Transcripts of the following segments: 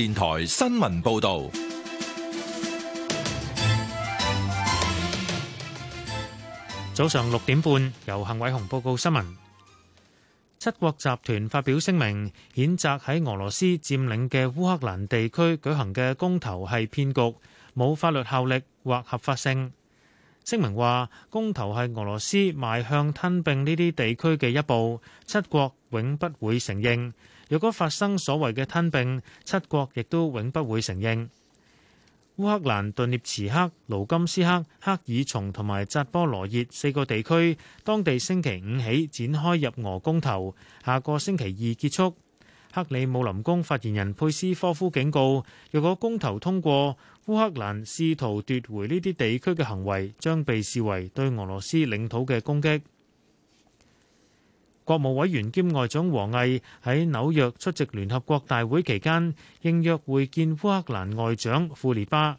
電台新聞報道：早上六點半，由幸偉雄報告新聞。七國集團發表聲明，譴責喺俄羅斯佔領嘅烏克蘭地區舉行嘅公投係騙局，冇法律效力或合法性。聲明話，公投係俄羅斯邁向吞併呢啲地區嘅一步，七國永不會承認。若果發生所謂嘅吞併，七國亦都永不會承認。烏克蘭頓涅茨克、盧甘斯克、赫爾松同埋扎波羅熱四個地區，當地星期五起展開入俄公投，下個星期二結束。克里姆林宮發言人佩斯科夫警告，若果公投通過，烏克蘭試圖奪回呢啲地區嘅行為，將被視為對俄羅斯領土嘅攻擊。國務委員兼外長王毅喺紐約出席聯合國大會期間，應約會見烏克蘭外長庫列巴。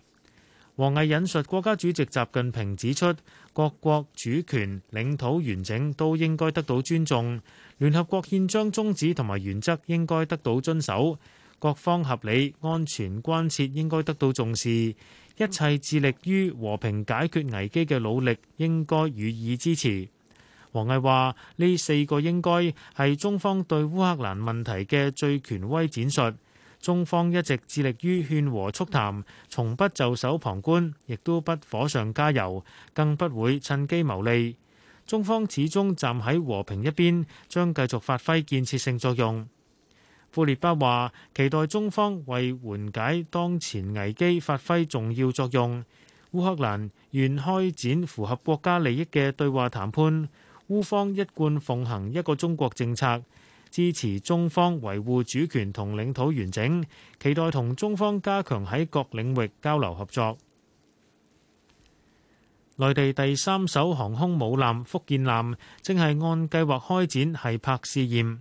王毅引述國家主席習近平指出，各國主權、領土完整都應該得到尊重，聯合國憲章宗旨同埋原則應該得到遵守，各方合理安全關切應該得到重視，一切致力於和平解決危機嘅努力應該予以支持。王毅話：呢四個應該係中方對烏克蘭問題嘅最權威展述。中方一直致力於勸和促談，從不袖手旁觀，亦都不火上加油，更不會趁機謀利。中方始終站喺和平一邊，將繼續發揮建設性作用。庫列巴話：期待中方為緩解當前危機發揮重要作用。烏克蘭願開展符合國家利益嘅對話談判。烏方一貫奉行一個中國政策，支持中方維護主權同領土完整，期待同中方加強喺各領域交流合作。內地第三艘航空母艦福建艦正係按計劃開展繫泊試驗。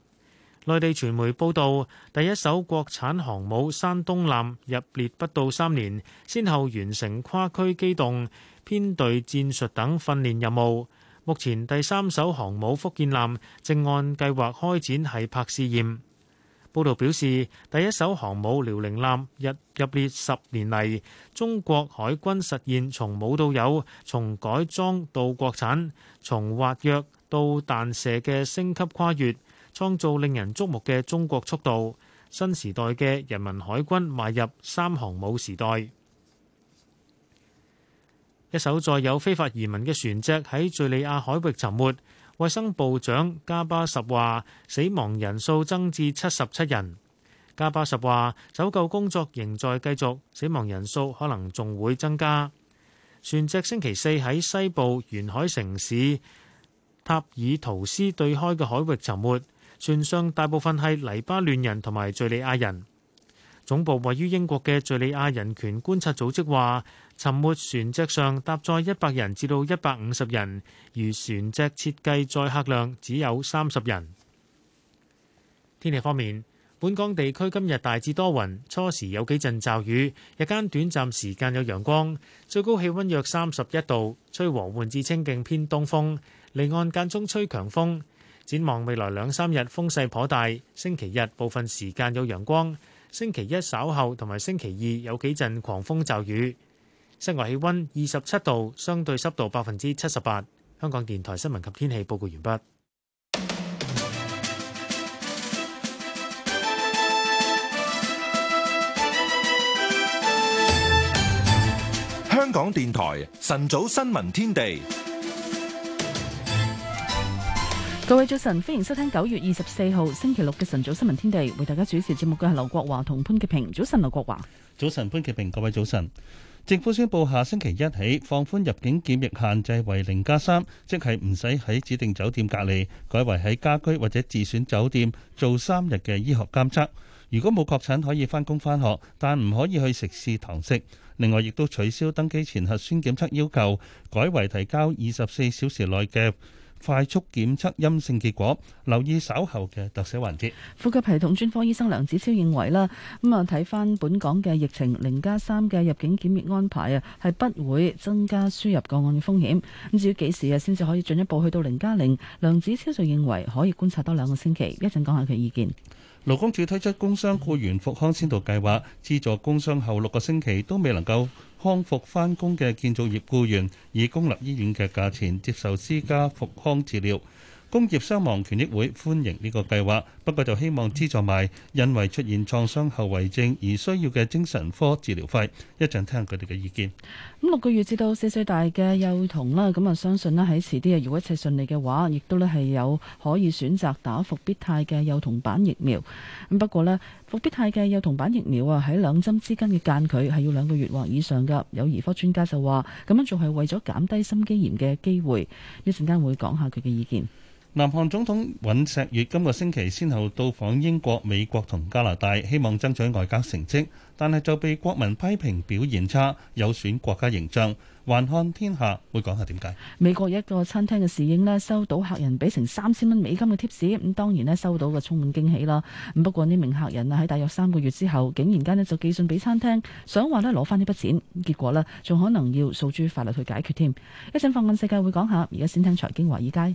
內地傳媒報道，第一艘國產航母山東艦入列不到三年，先後完成跨區機動、編隊戰術等訓練任務。目前第三艘航母福建艦正按計劃開展繫泊試驗。報道表示，第一艘航母遼寧艦入入列十年嚟，中國海軍實現從冇到有，從改裝到國產，從滑躍到彈射嘅升級跨越，創造令人矚目嘅中國速度。新時代嘅人民海軍邁入三航母時代。一艘載有非法移民嘅船隻喺敘利亞海域沉沒，衛生部長加巴什話死亡人數增至七十七人。加巴什話搜救工作仍在繼續，死亡人數可能仲會增加。船隻星期四喺西部沿海城市塔爾圖斯對開嘅海域沉沒，船上大部分係黎巴嫩人同埋敘利亞人。總部位於英國嘅敘利亞人權觀察組織話，沉沒船隻上搭載一百人至到一百五十人，而船隻設計載客量只有三十人。天氣方面，本港地區今日大致多雲，初時有幾陣驟雨，日間短暫時間有陽光，最高氣温約三十一度，吹和緩至清勁偏東風。離岸間中吹強風。展望未來兩三日風勢頗大，星期日部分時間有陽光。星期一稍後同埋星期二有幾陣狂風驟雨，室外氣温二十七度，相對濕度百分之七十八。香港電台新聞及天氣報告完畢。香港電台晨早新聞天地。各位早晨，歡迎收聽九月二十四號星期六嘅晨早新聞天地，為大家主持節目嘅係劉國華同潘潔平。早晨，劉國華，早晨，潘潔平。各位早晨，政府宣佈下星期一起放寬入境檢疫限制為零加三，3，即係唔使喺指定酒店隔離，改為喺家居或者自選酒店做三日嘅醫學監測。如果冇確診，可以翻工翻學，但唔可以去食肆堂食。另外，亦都取消登機前核酸檢測要求，改為提交二十四小時內嘅快速檢測陰性結果，留意稍後嘅特寫環節。呼吸系統專科醫生梁子超認為咧，咁啊睇返本港嘅疫情零加三嘅入境檢疫安排啊，係不會增加輸入個案嘅風險。咁至於幾時啊，先至可以進一步去到零加零？0? 梁子超就認為可以觀察多兩個星期。一陣講下佢意見。勞工處推出工商僱員復康先導計劃，資助工商後六個星期都未能夠。康復返工嘅建造業僱員，以公立醫院嘅價錢接受私家復康治療。工業傷亡權益會歡迎呢個計劃，不過就希望資助埋因為出現創傷後遺症而需要嘅精神科治療費。一陣聽下佢哋嘅意見。咁六個月至到四歲大嘅幼童啦，咁啊，相信呢喺遲啲啊，如果一切順利嘅話，亦都呢係有可以選擇打復必泰嘅幼童版疫苗。咁不過呢，復必泰嘅幼童版疫苗啊，喺兩針之間嘅間距係要兩個月或以上嘅。有兒科專家就話咁樣仲係為咗減低心肌炎嘅機會。一陣間會講下佢嘅意見。南韓總統尹錫悅今個星期先後到訪英國、美國同加拿大，希望爭取外交成績，但係就被國民批評表現差，有損國家形象。環看天下會講下點解？美國一個餐廳嘅侍應咧，收到客人俾成三千蚊美金嘅貼士。咁當然咧，收到嘅充滿驚喜啦。咁不過呢名客人啊，喺大約三個月之後，竟然間咧就寄信俾餐廳，想話咧攞翻呢筆錢，結果咧仲可能要訴諸法律去解決添。一陣放眼世界會講下，而家先聽財經華爾街。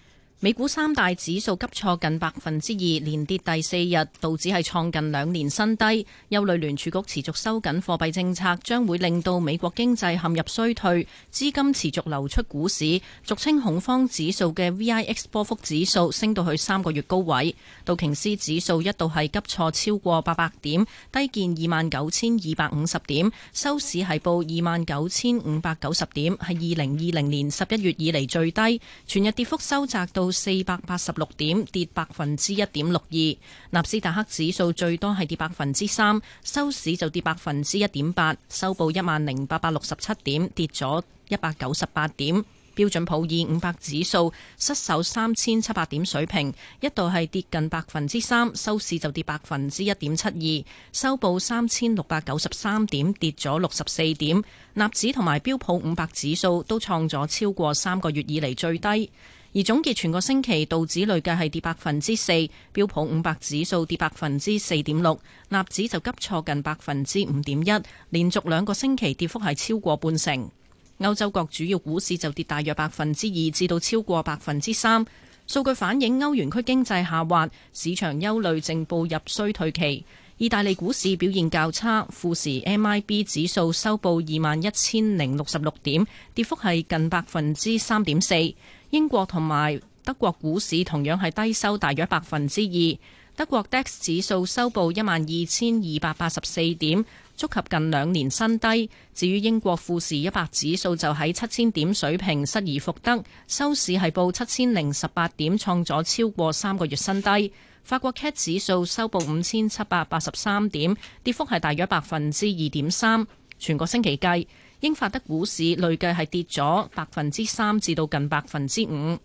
美股三大指數急挫近百分之二，連跌第四日，道指係創近兩年新低。憂慮聯儲局持續收緊貨幣政策，將會令到美國經濟陷入衰退，資金持續流出股市。俗稱恐慌指數嘅 VIX 波幅指數升到去三個月高位。道瓊斯指數一度係急挫超過八百點，低見二萬九千二百五十點，收市係報二萬九千五百九十點，係二零二零年十一月以嚟最低。全日跌幅收窄到四百八十六點，跌百分之一點六二，納斯達克指數最多係跌百分之三，收市就跌百分之一點八，收報一萬零八百六十七點，跌咗一百九十八點。標準普爾五百指數失守三千七百點水平，一度係跌近百分之三，收市就跌百分之一點七二，收報三千六百九十三點，跌咗六十四點。納指同埋標普五百指數都創咗超過三個月以嚟最低。而總結全個星期，道指累計係跌百分之四，標普五百指數跌百分之四點六，納指就急挫近百分之五點一，連續兩個星期跌幅係超過半成。歐洲各主要股市就跌大約百分之二至到超過百分之三，數據反映歐元區經濟下滑，市場憂慮正步入衰退期。意大利股市表現較差，富時 MIB 指數收報二萬一千零六十六點，跌幅係近百分之三點四。英國同埋德國股市同樣係低收，大約百分之二。德國 DAX 指數收報一萬二千二百八十四點，觸及近兩年新低。至於英國富時一百指數就喺七千點水平失而復得，收市係報七千零十八點，創咗超過三個月新低。法國 CAC 指數收報五千七百八十三點，跌幅係大約百分之二點三，全個星期計，英法德股市累計係跌咗百分之三至到近百分之五。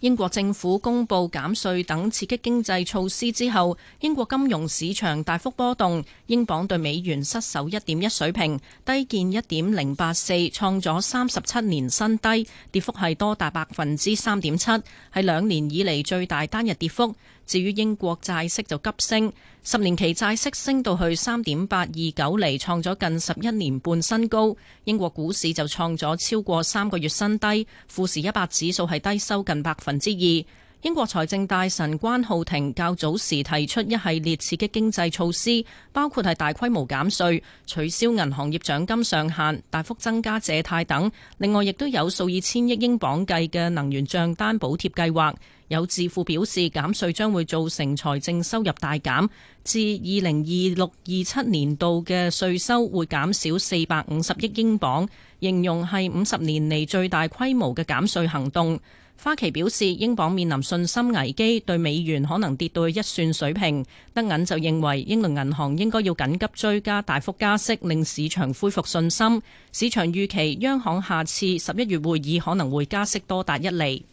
英國政府公布減稅等刺激經濟措施之後，英國金融市場大幅波動，英鎊對美元失守一點一水平，低見一點零八四，創咗三十七年新低，跌幅係多達百分之三點七，係兩年以嚟最大單日跌幅。至於英國債息就急升，十年期債息升到去三點八二九厘，創咗近十一年半新高。英國股市就創咗超過三個月新低，富時一百指數係低收近百分之二。英國財政大臣關浩庭較早時提出一系列刺激經濟措施，包括係大規模減稅、取消銀行業獎金上限、大幅增加借貸等。另外，亦都有數以千億英鎊計嘅能源賬單補貼計劃。有智庫表示，減稅將會造成財政收入大減，至二零二六二七年度嘅稅收會減少四百五十億英鎊，形容係五十年嚟最大規模嘅減稅行動。花旗表示，英鎊面臨信心危機，對美元可能跌到一算水平。德銀就認為，英倫銀行應該要緊急追加大幅加息，令市場恢復信心。市場預期央行下次十一月會議可能會加息多達一厘。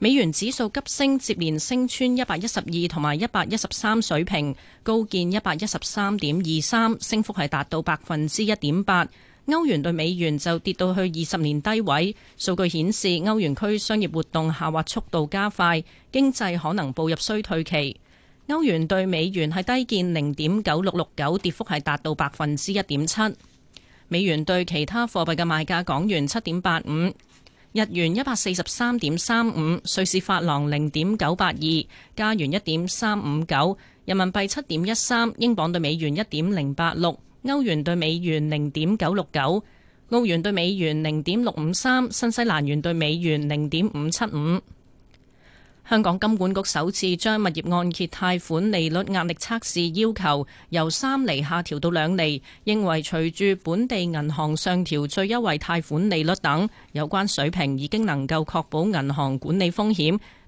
美元指數急升，接連升穿一百一十二同埋一百一十三水平，高見一百一十三點二三，升幅係達到百分之一點八。歐元兌美元就跌到去二十年低位。數據顯示，歐元區商業活動下滑速度加快，經濟可能步入衰退期。歐元兌美元係低見零點九六六九，跌幅係達到百分之一點七。美元兌其他貨幣嘅賣價：港元七點八五，日元一百四十三點三五，瑞士法郎零點九八二，加元一點三五九，人民幣七點一三，英鎊兌美元一點零八六。歐元對美元零點九六九，澳元對美元零點六五三，新西蘭元對美元零點五七五。香港金管局首次將物業按揭貸款利率壓力測試要求由三厘下調到兩厘，認為隨住本地銀行上調最優惠貸款利率等有關水平已經能夠確保銀行管理風險。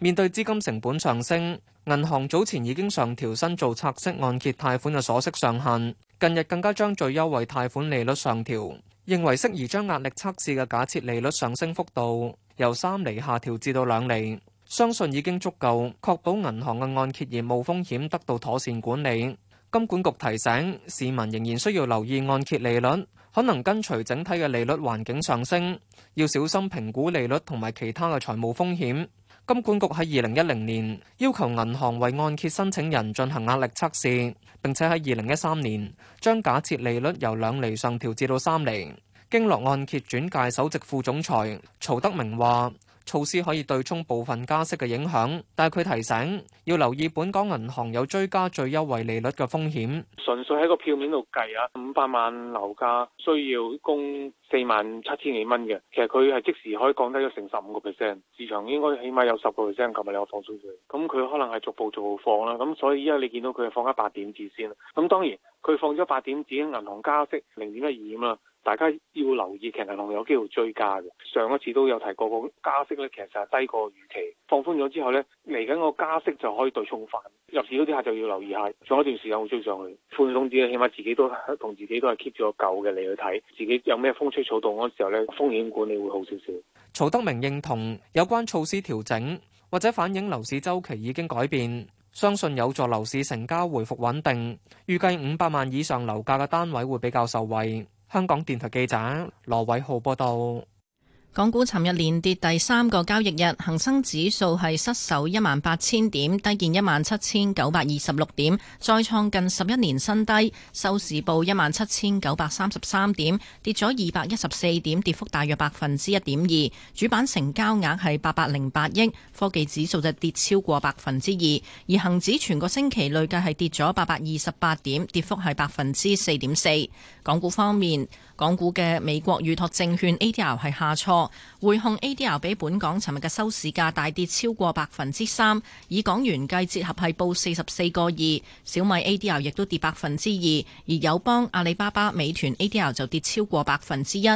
面對資金成本上升，銀行早前已經上調新造拆息按揭貸，貸款嘅鎖息上限，近日更加將最優惠貸款利率上調，認為適宜將壓力測試嘅假設利率上升幅度由三厘下調至到兩厘，相信已經足夠確保銀行嘅按揭業務風險得到妥善管理。金管局提醒市民仍然需要留意按揭利率可能跟隨整體嘅利率環境上升，要小心評估利率同埋其他嘅財務風險。金管局喺二零一零年要求銀行為按揭申請人進行壓力測試，並且喺二零一三年將假設利率由兩厘上調至到三厘。經絡按揭轉介首席副總裁曹德明話。措施可以對沖部分加息嘅影響，但係佢提醒要留意本港銀行有追加最優惠利率嘅風險。純粹喺個票面度計啊，五百萬樓價需要供四萬七千幾蚊嘅，其實佢係即時可以降低咗成十五個 percent，市場應該起碼有十個 percent。琴日你話放鬆咗，咁佢可能係逐步做放啦。咁所以依家你見到佢放緊八點子先，咁當然佢放咗八點子，銀行加息零點一二啊嘛。大家要留意，其實仲有機會追加嘅。上一次都有提過個加息咧，其實係低過預期。放寬咗之後咧，嚟緊個加息就可以對沖返。入市嗰啲客就要留意下，上一段時間會追上去寬鬆啲，起碼自己都同自己都係 keep 咗舊嘅，你去睇自己有咩風吹草動嗰時候咧，風險管理會好少少。曹德明認同有關措施調整或者反映樓市周期已經改變，相信有助樓市成交回復穩定。預計五百萬以上樓價嘅單位會比較受惠。香港電台記者羅偉浩報道。港股尋日連跌第三個交易日，恒生指數係失守一萬八千點，低見一萬七千九百二十六點，再創近十一年新低。收市報一萬七千九百三十三點，跌咗二百一十四點，跌幅大約百分之一點二。主板成交額係八百零八億，科技指數就跌超過百分之二，而恒指全個星期累計係跌咗八百二十八點，跌幅係百分之四點四。港股方面。港股嘅美國預託證券 ADR 係下挫，匯控 ADR 比本港尋日嘅收市價大跌超過百分之三，以港元計折合係報四十四個二。小米 ADR 亦都跌百分之二，而友邦、阿里巴巴、美團 ADR 就跌超過百分之一。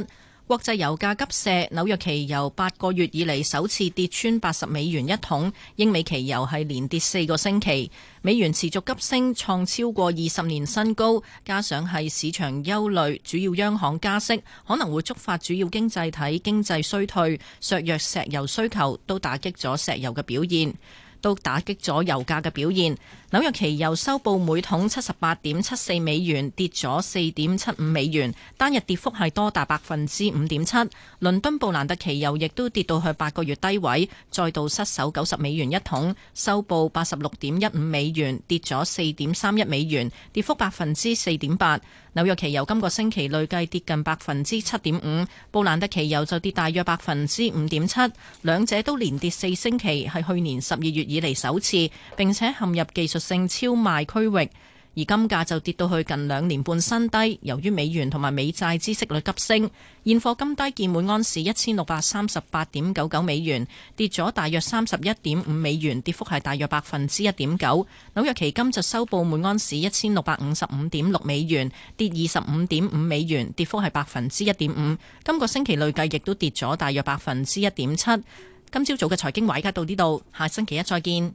國際油價急瀉，紐約期油八個月以嚟首次跌穿八十美元一桶，英美期油係連跌四個星期，美元持續急升創超過二十年新高，加上係市場憂慮主要央行加息可能會觸發主要經濟體經濟衰退，削弱石油需求，都打擊咗石油嘅表現，都打擊咗油價嘅表現。紐約期油收報每桶七十八點七四美元，跌咗四點七五美元，單日跌幅係多達百分之五點七。倫敦布蘭特期油亦都跌到去八個月低位，再度失守九十美元一桶，收報八十六點一五美元，跌咗四點三一美元，跌幅百分之四點八。紐約期油今個星期累計跌近百分之七點五，布蘭特期油就跌大約百分之五點七，兩者都連跌四星期，係去年十二月以嚟首次，並且陷入技術性超賣區域，而金價就跌到去近兩年半新低。由於美元同埋美債孳息率急升，現貨金低見每盎司一千六百三十八點九九美元，跌咗大約三十一點五美元，跌幅係大約百分之一點九。紐約期金就收報每盎司一千六百五十五點六美元，跌二十五點五美元，跌幅係百分之一點五。今個星期累計亦都跌咗大約百分之一點七。今朝早嘅財經位而家到呢度，下星期一再見。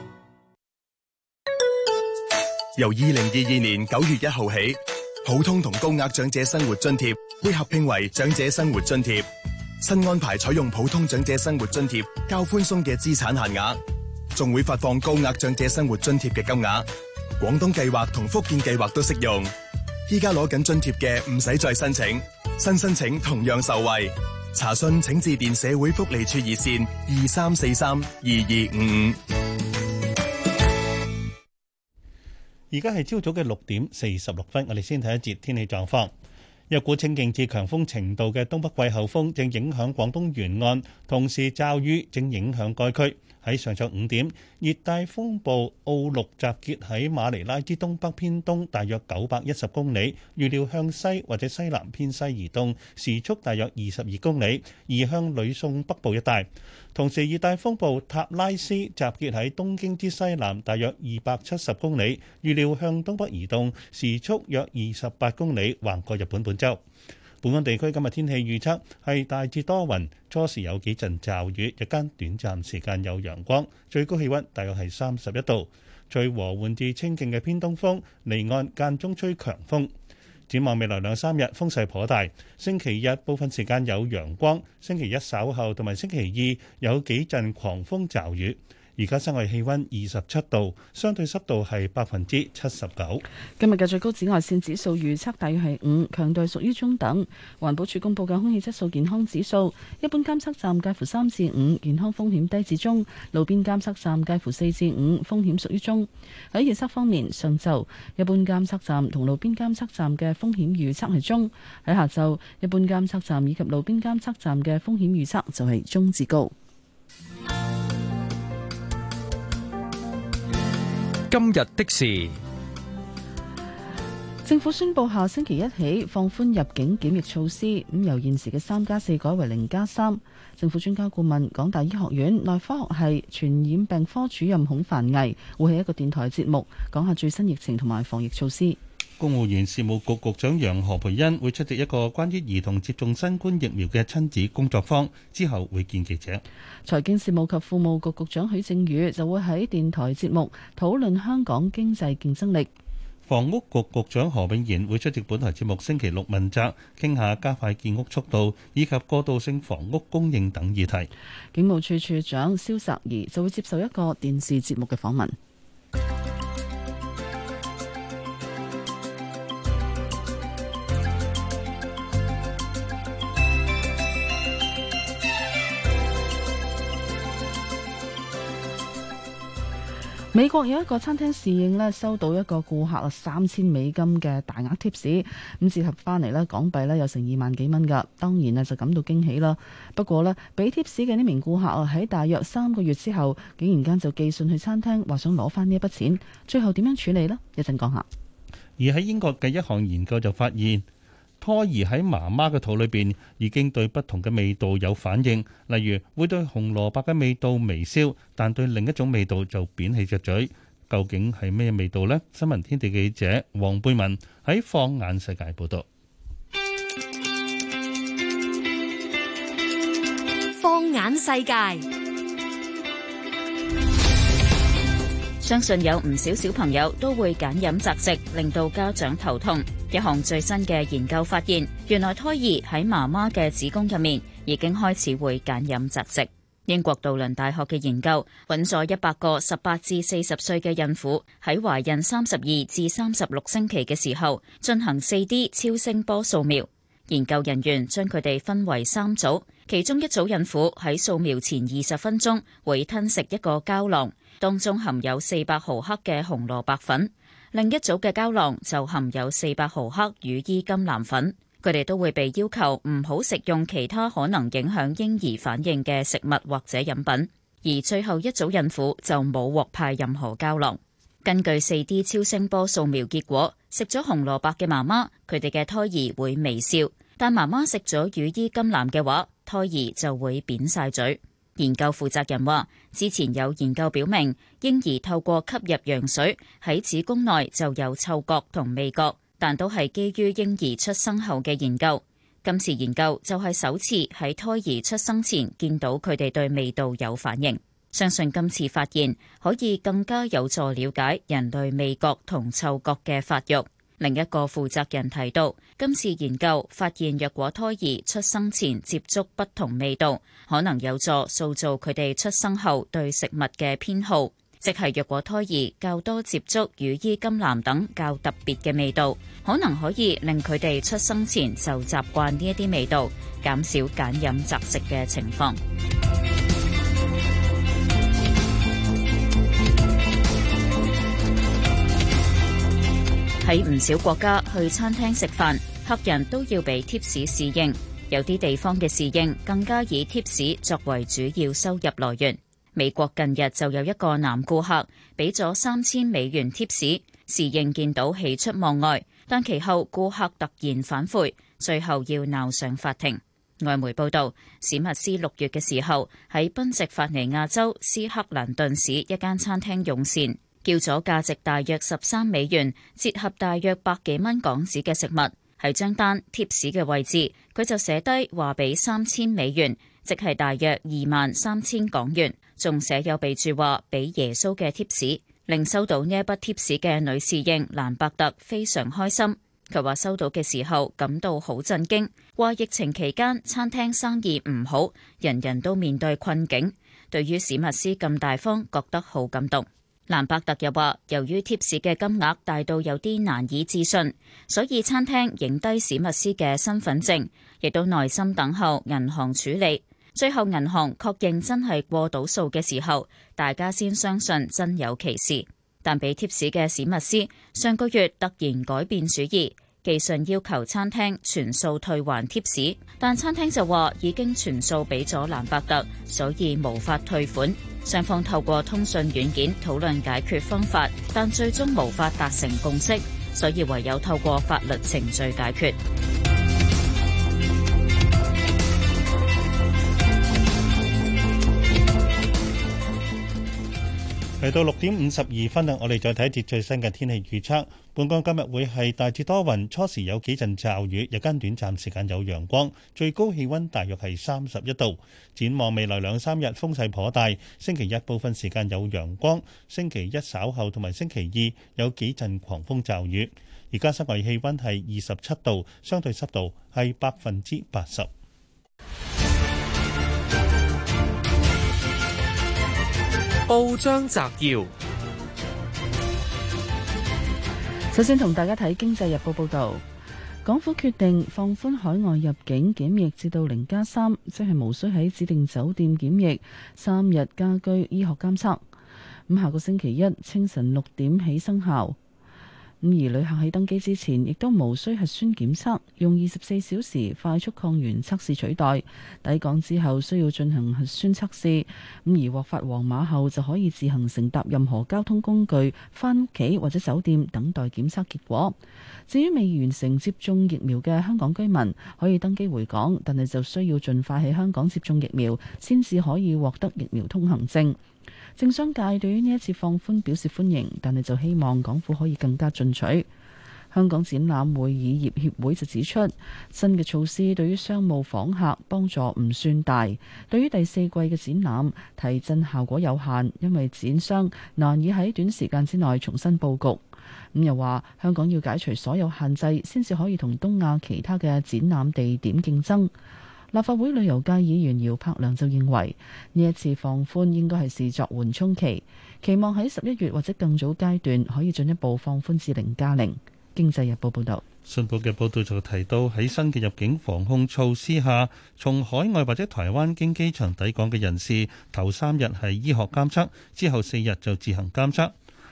由二零二二年九月一號起，普通同高額長者生活津貼會合併為長者生活津貼。新安排採用普通長者生活津貼較寬鬆嘅資產限額，仲會發放高額長者生活津貼嘅金額。廣東計劃同福建計劃都適用。依家攞緊津貼嘅唔使再申請，新申請同樣受惠。查詢請致電社會福利處熱線二三四三二二五五。而家係朝早嘅六點四十六分，我哋先睇一節天氣狀況。一股清勁至強風程度嘅東北季候風正影響廣東沿岸，同時驟雨正影響該區。喺上晝五點，熱帶風暴奧陸集結喺馬尼拉之東北偏東大約九百一十公里，預料向西或者西南偏西移動，時速大約二十二公里，移向呂宋北部一帶。同時，熱帶風暴塔拉斯集結喺東京之西南大約二百七十公里，預料向東北移動，時速約二十八公里，橫過日本本州。本港地區今日天氣預測係大致多雲，初時有幾陣驟雨，日間短暫時間有陽光，最高氣溫大約係三十一度，吹和緩至清勁嘅偏東風，離岸間中吹強風，展望未來兩三日風勢頗大，星期日部分時間有陽光，星期一稍後同埋星期二有幾陣狂風驟雨。而家室外氣溫二十七度，相對濕度係百分之七十九。今日嘅最高紫外線指數預測大約係五，強度屬於中等。環保署公佈嘅空氣質素健康指數，一般監測站介乎三至五，健康風險低至中；路邊監測站介乎四至五，風險屬於中。喺預測方面，上晝一般監測站同路邊監測站嘅風險預測係中；喺下晝，一般監測站以及路邊監測站嘅風險預測就係中至高。 今日的事，政府宣布下星期一起放寬入境檢疫措施，咁由現時嘅三加四改為零加三。政府專家顧問、港大醫學院內科學系傳染病科主任孔繁毅會喺一個電台節目講下最新疫情同埋防疫措施。公務員事務局局長楊何蓓茵會出席一個關於兒童接種新冠疫苗嘅親子工作坊，之後會見記者。財經事務及庫務局局長許正宇就會喺電台節目討論香港經濟競爭力。房屋局局長何永賢會出席本台節目星期六問責，傾下加快建屋速度以及過渡性房屋供應等議題。警務處處長蕭澤頤就會接受一個電視節目嘅訪問。美國有一個餐廳侍應咧，收到一個顧客啊三千美金嘅大額貼士，咁折合翻嚟咧港幣咧有成二萬幾蚊噶。當然啊就感到驚喜啦。不過咧，俾貼士嘅呢名顧客啊喺大約三個月之後，竟然間就寄信去餐廳，話想攞翻呢一筆錢。最後點樣處理呢？一陣講下。而喺英國嘅一項研究就發現。胎兒喺媽媽嘅肚裏邊已經對不同嘅味道有反應，例如會對紅蘿蔔嘅味道微笑，但對另一種味道就扁起隻嘴。究竟係咩味道呢？新聞天地記者黃貝文喺放眼世界報道。放眼世界。報導放眼世界相信有唔少小朋友都會揀飲擇食，令到家長頭痛。一項最新嘅研究發現，原來胎兒喺媽媽嘅子宮入面已經開始會揀飲擇食。英國杜倫大學嘅研究搵咗一百個十八至四十歲嘅孕婦喺懷孕三十二至三十六星期嘅時候進行四 D 超聲波掃描。研究人員將佢哋分為三組，其中一組孕婦喺掃描前二十分鐘會吞食一個膠囊。當中含有四百毫克嘅紅蘿蔔粉，另一組嘅膠囊就含有四百毫克羽衣甘藍粉。佢哋都會被要求唔好食用其他可能影響嬰兒反應嘅食物或者飲品。而最後一組孕婦就冇獲派任何膠囊。根據四 D 超聲波掃描結果，食咗紅蘿蔔嘅媽媽，佢哋嘅胎兒會微笑；但媽媽食咗羽衣甘藍嘅話，胎兒就會扁晒嘴。研究負責人話，之前有研究表明，嬰兒透過吸入羊水喺子宮內就有嗅覺同味覺，但都係基於嬰兒出生後嘅研究。今次研究就係首次喺胎兒出生前見到佢哋對味道有反應，相信今次發現可以更加有助了解人類味覺同嗅覺嘅發育。另一個負責人提到，今次研究發現，若果胎兒出生前接觸不同味道，可能有助塑造佢哋出生後對食物嘅偏好。即係若果胎兒較多接觸羽衣甘藍等較特別嘅味道，可能可以令佢哋出生前就習慣呢一啲味道，減少揀飲擇食嘅情況。喺唔少國家，去餐廳食飯，客人都要俾貼士侍應。有啲地方嘅侍應更加以貼士作為主要收入來源。美國近日就有一個男顧客俾咗三千美元貼士，侍應見到喜出望外，但其後顧客突然反悔，最後要鬧上法庭。外媒報導，史密斯六月嘅時候喺賓夕法尼亞州斯克蘭頓市一間餐廳用膳。叫咗價值大約十三美元，折合大約百幾蚊港紙嘅食物係張單貼士嘅位置，佢就寫低話俾三千美元，即係大約二萬三千港元，仲寫有備註話俾耶穌嘅貼士，令收到呢一筆貼士嘅女侍應蘭伯特非常開心。佢話收到嘅時候感到好震驚，話疫情期間餐廳生意唔好，人人都面對困境，對於史密斯咁大方，覺得好感動。蘭伯特又話，由於貼士嘅金額大到有啲難以置信，所以餐廳影低史密斯嘅身份證，亦都耐心等候銀行處理。最後銀行確認真係過到數嘅時候，大家先相信真有其事。但畀貼士嘅史密斯上個月突然改變主意。寄信要求餐廳全數退還貼士，但餐廳就話已經全數俾咗蘭伯特，所以無法退款。雙方透過通訊軟件討論解決方法，但最終無法達成共識，所以唯有透過法律程序解決。嚟到六點五十二分啊，我哋再睇一節最新嘅天氣預測。本港今日會係大致多雲，初時有幾陣驟雨，日間短暫時間有陽光，最高氣溫大約係三十一度。展望未來兩三日風勢頗大，星期一部分時間有陽光，星期一稍後同埋星期二有幾陣狂風驟雨。而家室外氣溫係二十七度，相對濕度係百分之八十。報章摘要，首先同大家睇《經濟日報》報道，港府決定放寬海外入境檢疫至到零加三，3，即係無需喺指定酒店檢疫三日家居醫學監測。咁下個星期一清晨六點起生效。咁而旅客喺登機之前，亦都無需核酸檢測，用二十四小時快速抗原測試取代。抵港之後需要進行核酸測試。咁而獲發黃碼後就可以自行乘搭任何交通工具翻屋企或者酒店等待檢測結果。至於未完成接種疫苗嘅香港居民，可以登機回港，但係就需要盡快喺香港接種疫苗，先至可以獲得疫苗通行證。政商界對於呢一次放寬表示歡迎，但係就希望港府可以更加進取。香港展覽會議業協會就指出，新嘅措施對於商務訪客幫助唔算大，對於第四季嘅展覽提振效果有限，因為展商難以喺短時間之內重新佈局。咁又話香港要解除所有限制，先至可以同東亞其他嘅展覽地點競爭。立法會旅遊界議員姚柏良就認為，呢一次放寬應該係視作緩衝期，期望喺十一月或者更早階段可以進一步放寬至零加零。經濟日報報導，信報嘅報導就提到喺新嘅入境防控措施下，從海外或者台灣經機場抵港嘅人士，頭三日係醫學監測，之後四日就自行監測，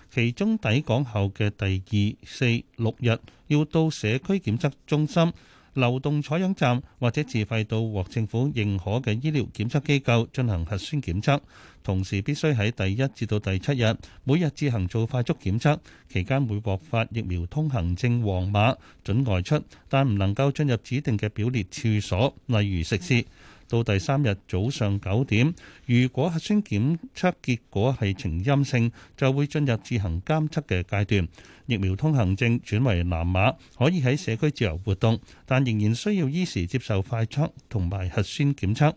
其中抵港後嘅第二、四、六日要到社區檢測中心。流動採樣站或者自費到獲政府認可嘅醫療檢測機構進行核酸檢測，同時必須喺第一至到第七日每日自行做快速檢測，期間會獲發疫苗通行證黃碼，准外出，但唔能夠進入指定嘅表列處所，例如食肆。到第三日早上九點，如果核酸檢測結果係呈陰性，就會進入自行監測嘅階段，疫苗通行證轉為藍碼，可以喺社區自由活動，但仍然需要依時接受快測同埋核酸檢測。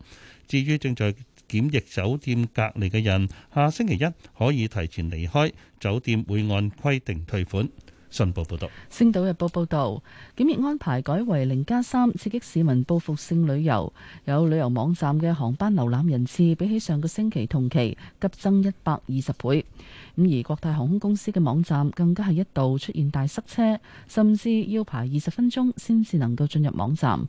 至於正在檢疫酒店隔離嘅人，下星期一可以提前離開，酒店會按規定退款。信報報導。《星島日報》報導，檢疫安排改為零加三，刺激市民報復性旅遊。有旅遊網站嘅航班瀏覽人次，比起上個星期同期急增一百二十倍。咁而國泰航空公司嘅網站更加係一度出現大塞車，甚至要排二十分鐘先至能夠進入網站。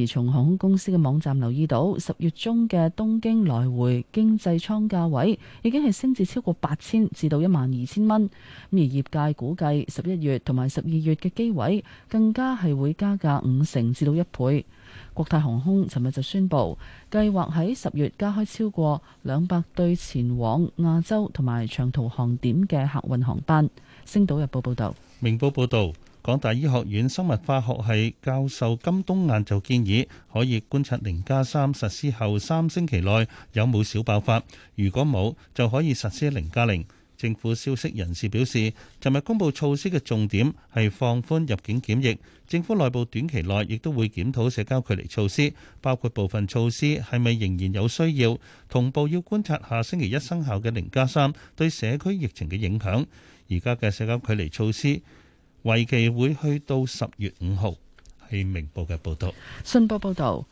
而從航空公司嘅網站留意到，十月中嘅東京來回經濟艙價位已經係升至超過八千至到一萬二千蚊。咁而業界估計十一月同埋十二月嘅機位更加係會加價五成至到一倍。國泰航空尋日就宣布，計劃喺十月加開超過兩百對前往亞洲同埋長途航點嘅客運航班。星島日報報道。明報報道。港大醫學院生物化學系教授金冬雁就建議，可以觀察零加三實施後三星期內有冇小爆發，如果冇就可以實施零加零。政府消息人士表示，尋日公布措施嘅重點係放寬入境檢疫，政府內部短期內亦都會檢討社交距離措施，包括部分措施係咪仍然有需要，同步要觀察下星期一生效嘅零加三對社區疫情嘅影響，而家嘅社交距離措施。為期會去到十月五號，係明報嘅報道。信報報道，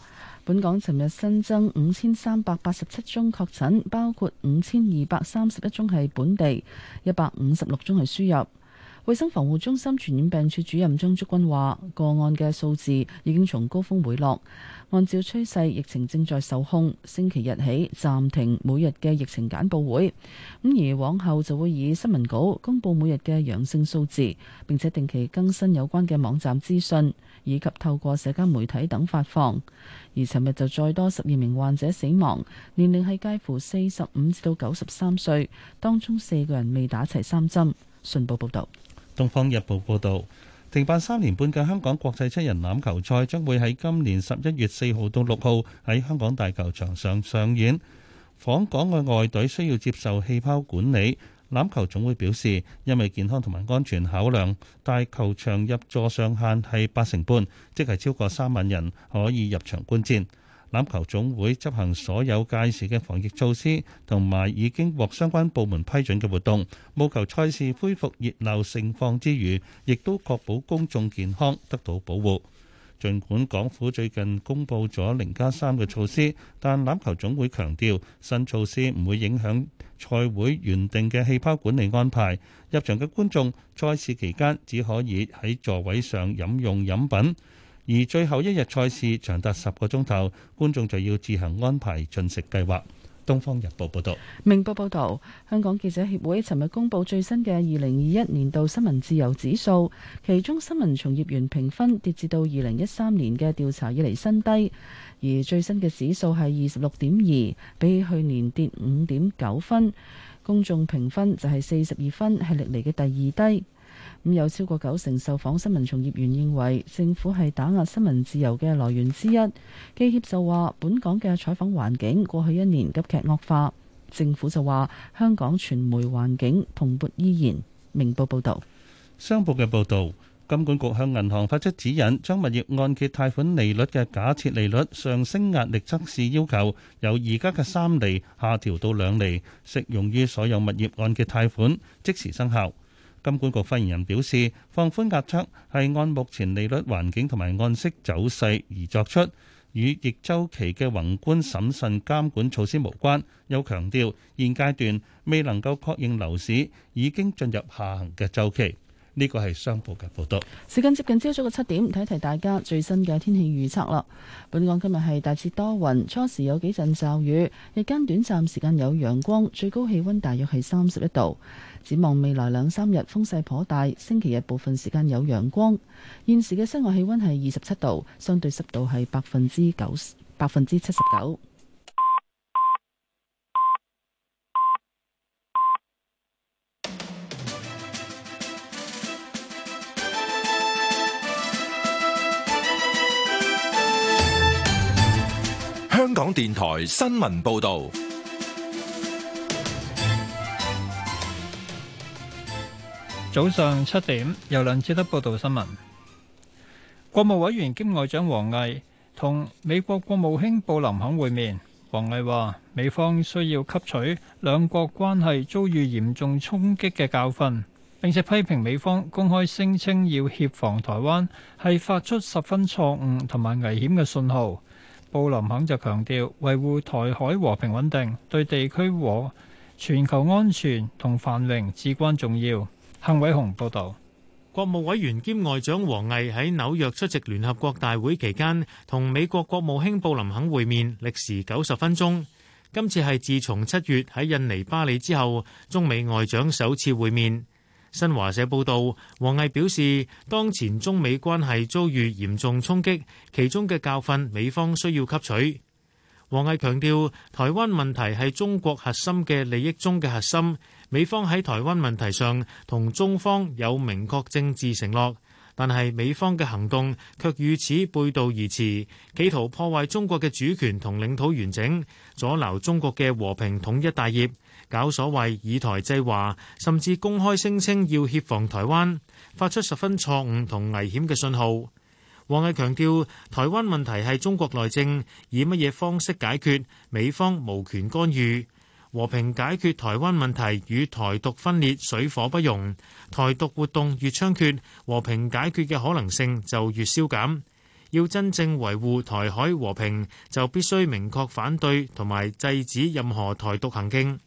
本港尋日新增五千三百八十七宗確診，包括五千二百三十一宗係本地，一百五十六宗係輸入。衛生防護中心傳染病處主任張竹君話，個案嘅數字已經從高峰回落。按照趨勢，疫情正在受控。星期日起暫停每日嘅疫情簡報會，咁而往後就會以新聞稿公佈每日嘅陽性數字，並且定期更新有關嘅網站資訊，以及透過社交媒體等發放。而尋日就再多十二名患者死亡，年齡係介乎四十五至到九十三歲，當中四個人未打齊三針。信報報道。東方日報報道。停辦三年半嘅香港國際七人欖球賽將會喺今年十一月四號到六號喺香港大球場上上演，訪港嘅外隊需要接受氣泡管理。欖球總會表示，因為健康同埋安全考量，大球場入座上限係八成半，即係超過三萬人可以入場觀戰。欖球總會執行所有屆時嘅防疫措施，同埋已經獲相關部門批准嘅活動，務求賽事恢復熱鬧盛況之餘，亦都確保公眾健康得到保護。儘管港府最近公布咗零加三嘅措施，但欖球總會強調，新措施唔會影響賽會原定嘅氣泡管理安排。入場嘅觀眾賽事期間只可以喺座位上飲用飲品。而最後一日賽事長達十個鐘頭，觀眾就要自行安排進食計劃。《東方日報》報道，《明報》報道，香港記者協會尋日公布最新嘅二零二一年度新聞自由指數，其中新聞從業員評分跌至到二零一三年嘅調查以來新低，而最新嘅指數係二十六點二，比去年跌五點九分。公眾評分就係四十二分，係歷來嘅第二低。咁有超過九成受訪新聞從業員認為政府係打壓新聞自由嘅來源之一。記協就話：本港嘅採訪環境過去一年急劇惡化。政府就話：香港傳媒環境蓬勃依然。明報報導，商報嘅報導，金管局向銀行發出指引，將物業按揭貸款利率嘅假設利率上升壓力測試要求，由而家嘅三釐下調到兩釐，適用於所有物業按揭貸款，即時生效。金管局發言人表示，放寬壓測係按目前利率環境同埋按息走勢而作出，與逆周期嘅宏觀審慎監，監管措施無關。又強調，現階段未能夠確認樓市已經進入下行嘅周期。呢個係商報嘅報道。時間接近朝早嘅七點，睇提大家最新嘅天氣預測啦。本港今日係大致多雲，初時有幾陣驟雨，日間短暫時間有陽光，最高氣温大約係三十一度。展望未來兩三日風勢頗大，星期日部分時間有陽光。現時嘅室外氣温係二十七度，相對濕度係百分之九百分之七十九。香港電台新聞報道，早上七點，由梁志德報道新聞。國務委員兼外長王毅同美國國務卿布林肯會面。王毅話，美方需要吸取兩國關係遭遇嚴重衝擊嘅教訓，並且批評美方公開聲稱要協防台灣，係發出十分錯誤同埋危險嘅信號。布林肯就強調，維護台海和平穩定對地區和全球安全同繁榮至關重要。幸偉雄報導，國務委員兼外長王毅喺紐約出席聯合國大會期間，同美國國務卿布林肯會面，歷時九十分鐘。今次係自從七月喺印尼巴里之後，中美外長首次會面。新華社報道，王毅表示，當前中美關係遭遇嚴重衝擊，其中嘅教訓美方需要吸取。王毅強調，台灣問題係中國核心嘅利益中嘅核心，美方喺台灣問題上同中方有明確政治承諾，但係美方嘅行動卻與此背道而馳，企圖破壞中國嘅主權同領土完整，阻撓中國嘅和平統一大業。搞所謂以台制華，甚至公開聲稱要協防台灣，發出十分錯誤同危險嘅信號。王毅強調，台灣問題係中國內政，以乜嘢方式解決，美方無權干預。和平解決台灣問題與台獨分裂水火不容。台獨活動越猖獗，和平解決嘅可能性就越消減。要真正維護台海和平，就必須明確反對同埋制止任何台獨行徑。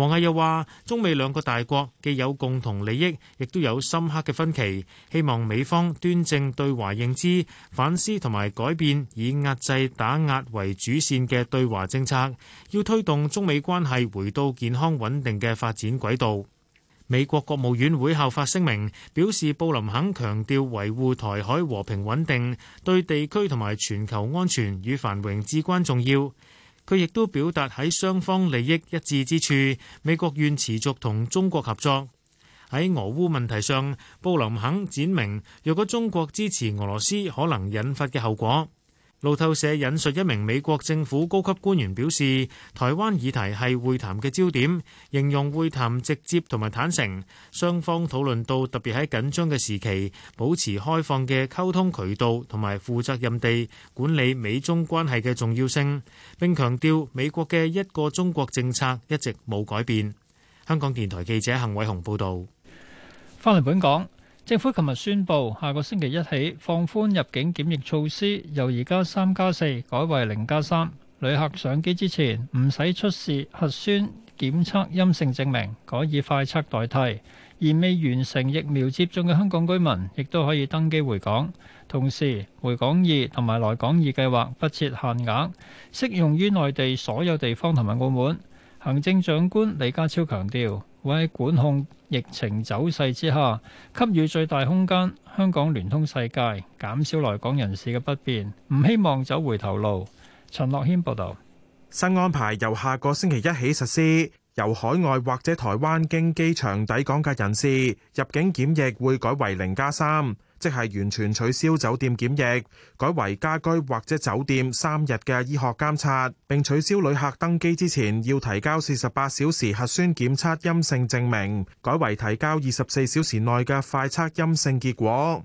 王毅又話：中美兩個大國既有共同利益，亦都有深刻嘅分歧。希望美方端正對華認知，反思同埋改變以壓制打壓為主線嘅對華政策，要推動中美關係回到健康穩定嘅發展軌道。美國國務院會後發聲明，表示布林肯強調維護台海和平穩定，對地區同埋全球安全與繁榮至關重要。佢亦都表達喺雙方利益一致之處，美國願持續同中國合作。喺俄烏問題上，布林肯展明若果中國支持俄羅斯，可能引發嘅後果。路透社引述一名美國政府高級官員表示，台灣議題係會談嘅焦點，形容會談直接同埋坦誠，雙方討論到特別喺緊張嘅時期保持開放嘅溝通渠道同埋負責任地管理美中關係嘅重要性，並強調美國嘅一個中國政策一直冇改變。香港電台記者陳偉雄報道。翻嚟本港。政府琴日宣布，下個星期一起放寬入境檢疫措施，由而家三加四改為零加三。旅客上機之前唔使出示核酸檢測陰性證明，可以快測代替。而未完成疫苗接種嘅香港居民亦都可以登機回港。同時，回港易同埋來港易計劃不設限額，適用於內地所有地方同埋澳門。行政長官李家超強調。會喺管控疫情走勢之下，給予最大空間，香港聯通世界，減少來港人士嘅不便，唔希望走回頭路。陳樂軒報導。新安排由下個星期一起實施。由海外或者台灣經機場抵港嘅人士入境檢疫會改為零加三，即係完全取消酒店檢疫，改為家居或者酒店三日嘅醫學監察，並取消旅客登機之前要提交四十八小時核酸檢測陰性證明，改為提交二十四小時內嘅快測陰性結果。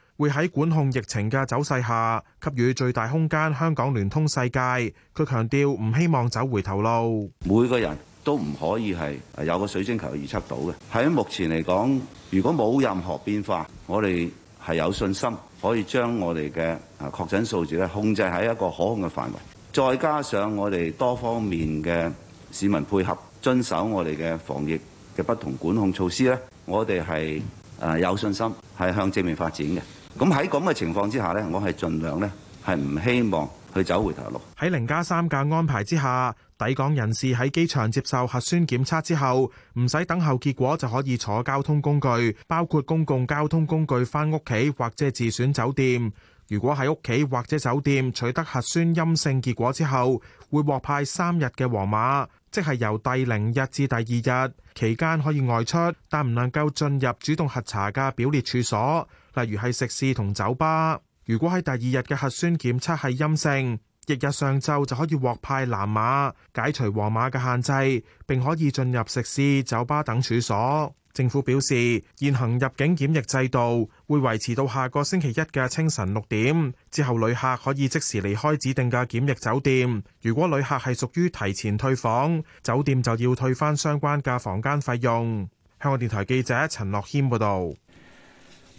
會喺管控疫情嘅走勢下，給予最大空間香港聯通世界。佢強調唔希望走回頭路。每個人都唔可以係有個水晶球預測到嘅。喺目前嚟講，如果冇任何變化，我哋係有信心可以將我哋嘅啊確診數字咧控制喺一個可控嘅範圍。再加上我哋多方面嘅市民配合，遵守我哋嘅防疫嘅不同管控措施咧，我哋係誒有信心係向正面發展嘅。咁喺咁嘅情況之下呢，我係盡量呢，係唔希望去走回頭路。喺零加三嘅安排之下，抵港人士喺機場接受核酸檢測之後，唔使等候結果就可以坐交通工具，包括公共交通工具翻屋企或者自選酒店。如果喺屋企或者酒店取得核酸陰性結果之後，會獲派三日嘅黃碼，即係由第零日至第二日期間可以外出，但唔能夠進入主動核查嘅表列處所。例如係食肆同酒吧，如果喺第二日嘅核酸檢測係陰性，翌日上晝就可以獲派藍碼，解除黃碼嘅限制，並可以進入食肆、酒吧等處所。政府表示，現行入境檢疫制度會維持到下個星期一嘅清晨六點之後，旅客可以即時離開指定嘅檢疫酒店。如果旅客係屬於提前退房，酒店就要退返相關嘅房間費用。香港電台記者陳樂軒報導。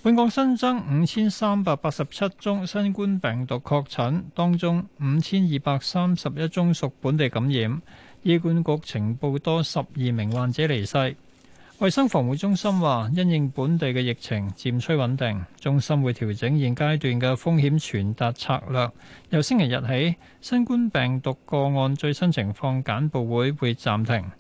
本港新增五千三百八十七宗新冠病毒確診，當中五千二百三十一宗屬本地感染。醫管局呈報多十二名患者離世。衛生防護中心話，因應本地嘅疫情漸趨穩定，中心會調整現階段嘅風險傳達策略。由星期日起，新冠病毒個案最新情況簡報會會暫停。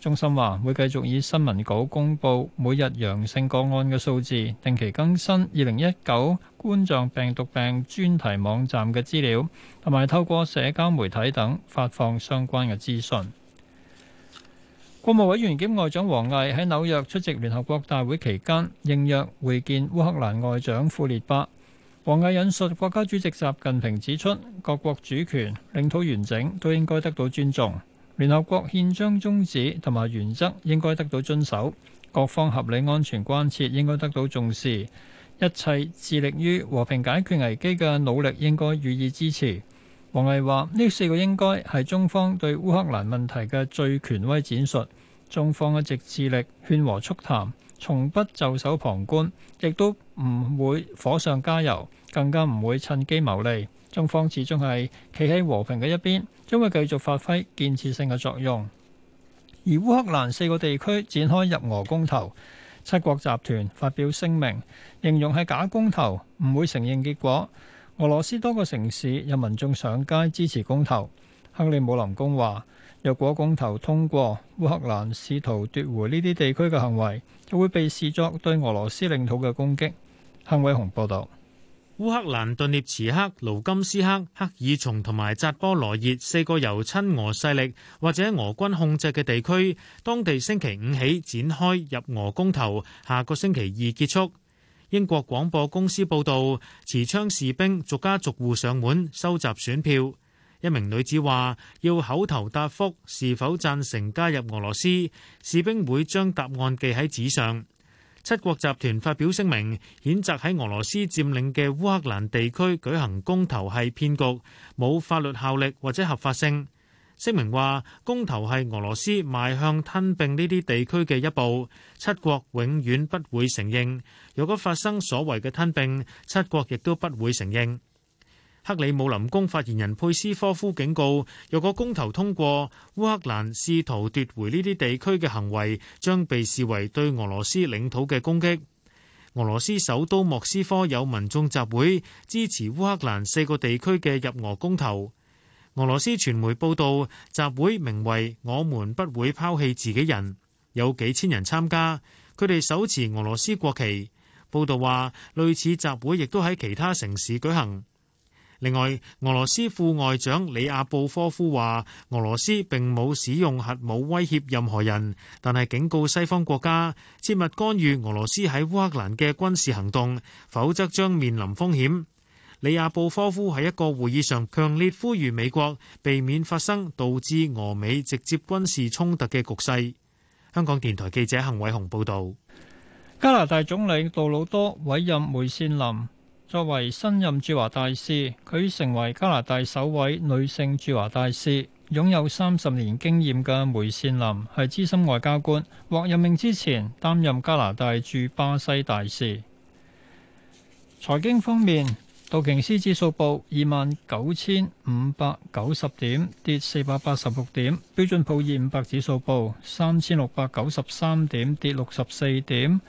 中心話會繼續以新聞稿公佈每日陽性個案嘅數字，定期更新二零一九冠狀病毒病專題網站嘅資料，同埋透過社交媒體等發放相關嘅資訊。國務委員兼外長王毅喺紐約出席聯合國大會期間應約會見烏克蘭外長庫列巴。王毅引述國家主席習近平指出，各國主權、領土完整都應該得到尊重。聯合國憲章宗旨同埋原則應該得到遵守，各方合理安全關切應該得到重視，一切致力於和平解決危機嘅努力應該予以支持。王毅話：呢四個應該係中方對烏克蘭問題嘅最權威展述。中方一直致力勸和促談，從不袖手旁觀，亦都唔會火上加油，更加唔會趁機牟利。中方始終係企喺和平嘅一邊。將會繼續發揮建設性嘅作用。而烏克蘭四個地區展開入俄公投，七國集團發表聲明，形容係假公投，唔會承認結果。俄羅斯多個城市有民眾上街支持公投。克里姆林宮話：若果公投通過，烏克蘭試圖奪回呢啲地區嘅行為，就會被視作對俄羅斯領土嘅攻擊。亨偉雄報導。烏克蘭頓涅茨克、盧甘斯克、克爾松同埋扎波羅熱四個由親俄勢力或者俄軍控制嘅地區，當地星期五起展開入俄公投，下個星期二結束。英國廣播公司報道，持槍士兵逐家逐戶上門收集選票。一名女子話要口頭答覆是否贊成加入俄羅斯，士兵會將答案記喺紙上。七國集團發表聲明，譴責喺俄羅斯佔領嘅烏克蘭地區舉行公投係騙局，冇法律效力或者合法性。聲明話，公投係俄羅斯邁向吞併呢啲地區嘅一步，七國永遠不會承認。如果發生所謂嘅吞併，七國亦都不會承認。克里姆林宮發言人佩斯科夫警告，若果公投通過烏克蘭，試圖奪回呢啲地區嘅行為，將被視為對俄羅斯領土嘅攻擊。俄羅斯首都莫斯科有民眾集會支持烏克蘭四個地區嘅入俄公投。俄羅斯傳媒報道，集會名為《我們不會拋棄自己人》，有幾千人參加，佢哋手持俄羅斯國旗。報道話，類似集會亦都喺其他城市舉行。另外，俄羅斯副外長李亞布科夫話：俄羅斯並冇使用核武威脅任何人，但係警告西方國家切勿干預俄羅斯喺烏克蘭嘅軍事行動，否則將面臨風險。李亞布科夫喺一個會議上強烈呼籲美國避免發生導致俄美直接軍事衝突嘅局勢。香港電台記者陳偉雄報導。加拿大總理杜魯多委任梅善林。作為新任駐華大使，佢成為加拿大首位女性駐華大使。擁有三十年經驗嘅梅善林係資深外交官，獲任命之前擔任加拿大駐巴西大使。財經方面，道瓊斯指數報二萬九千五百九十點，跌四百八十六點，標準普爾五百指數報三千六百九十三點，跌六十四點。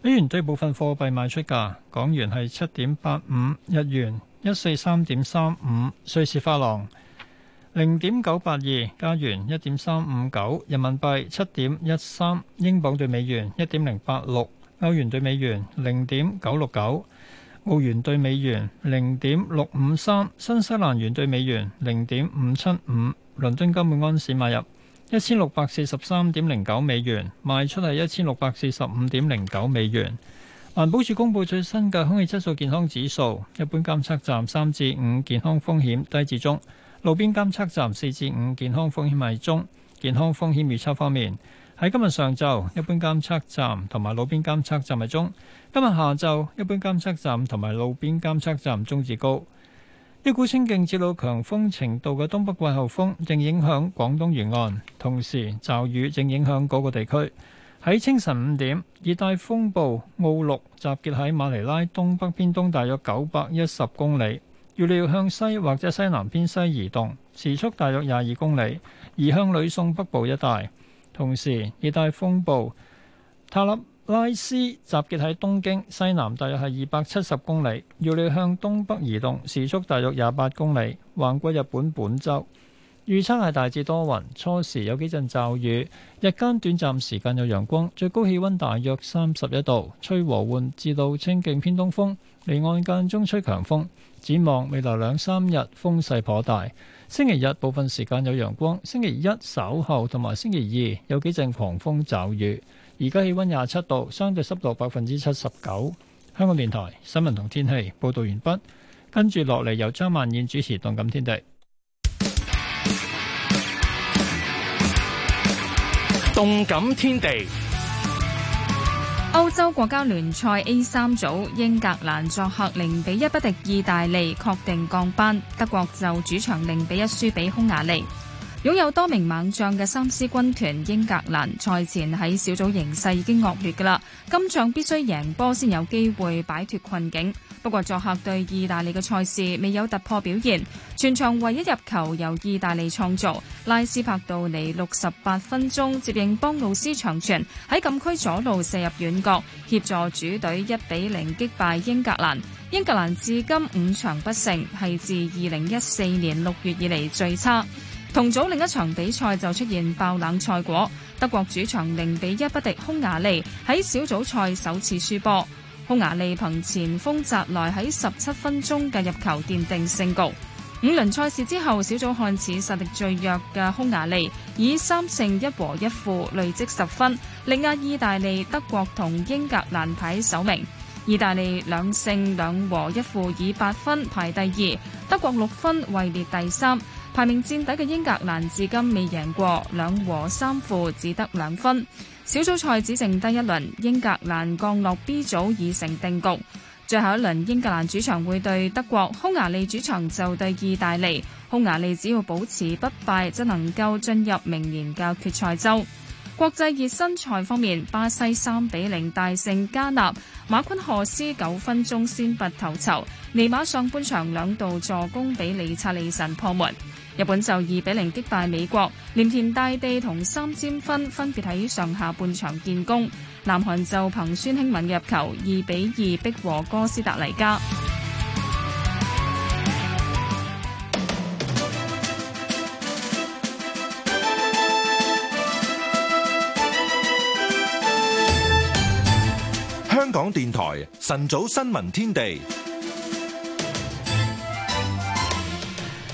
美元兌部分貨幣賣出價：港元係七點八五，日元一四三點三五，瑞士法郎零點九八二，加元一點三五九，人民幣七點一三，英鎊兌美元一點零八六，歐元兌美元零點九六九，澳元兌美元零點六五三，新西蘭元兌美元零點五七五，倫敦金本安士買入。一千六百四十三點零九美元，賣出係一千六百四十五點零九美元。環保署公布最新嘅空氣質素健康指數，一般監測站三至五健康風險低至中，路邊監測站四至五健康風險係中。健康風險預測方面，喺今日上晝，一般監測站同埋路邊監測站係中；今日下晝，一般監測站同埋路邊監測站中至高。一股清勁至老強風程度嘅東北季候風正影響廣東沿岸，同時驟雨正影響嗰個地區。喺清晨五點，熱帶風暴奧鹿集結喺馬尼拉東北偏東大約九百一十公里，預料向西或者西南偏西移動，時速大約廿二公里，移向呂宋北部一帶。同時，熱帶風暴塔立拉絲集結喺東京西南，大約係二百七十公里，預料向東北移動，時速大約廿八公里，橫過日本本州。預測係大致多雲，初時有幾陣驟雨，日間短暫時間有陽光，最高氣温大約三十一度，吹和緩至到清勁偏東風，離岸間中吹強風。展望未來兩三日風勢頗大，星期日部分時間有陽光，星期一稍後同埋星期二有幾陣狂風驟雨。而家氣温廿七度，相對濕度百分之七十九。香港電台新聞同天氣報導完畢，跟住落嚟由張曼燕主持《動感天地》。動感天地。歐洲國家聯賽 A 三組，英格蘭作客零比一不敵意大利，確定降班。德國就主場零比一輸俾匈牙利。擁有多名猛將嘅三獅軍團英格蘭，賽前喺小組形勢已經惡劣噶啦。今仗必須贏波先有機會擺脫困境。不過作客對意大利嘅賽事未有突破表現，全場唯一入球由意大利創造。拉斯帕杜尼六十八分鐘接應幫奧斯長傳，喺禁區左路射入遠角，協助主隊一比零擊敗英格蘭。英格蘭至今五場不勝，係自二零一四年六月以嚟，最差。同組另一場比賽就出現爆冷賽果，德國主場零比一不敵匈牙利，喺小組賽首次輸波。匈牙利憑前鋒扎內喺十七分鐘嘅入球奠定勝局。五輪賽事之後，小組看似實力最弱嘅匈牙利以三勝一和一負累積十分，力壓意大利、德國同英格蘭排首名。意大利兩勝兩和一負以，以八分排第二。德國六分位列第三。排名墊底嘅英格蘭至今未贏過，兩和三負，只得兩分。小組賽只剩低一輪，英格蘭降落 B 組已成定局。最後一輪，英格蘭主場會對德國，匈牙利主場就對意大利。匈牙利只要保持不敗，則能夠進入明年嘅決賽周。國際熱身賽方面，巴西三比零大勝加納。馬昆荷斯九分鐘先拔頭籌，尼馬上半場兩度助攻俾利察利神破門。日本就二比零擊敗美國，鎌田大地同三笘薰分別喺上下半場建功。南韓就憑孫興敏入球，二比二逼和哥斯達黎加。香港電台晨早新聞天地。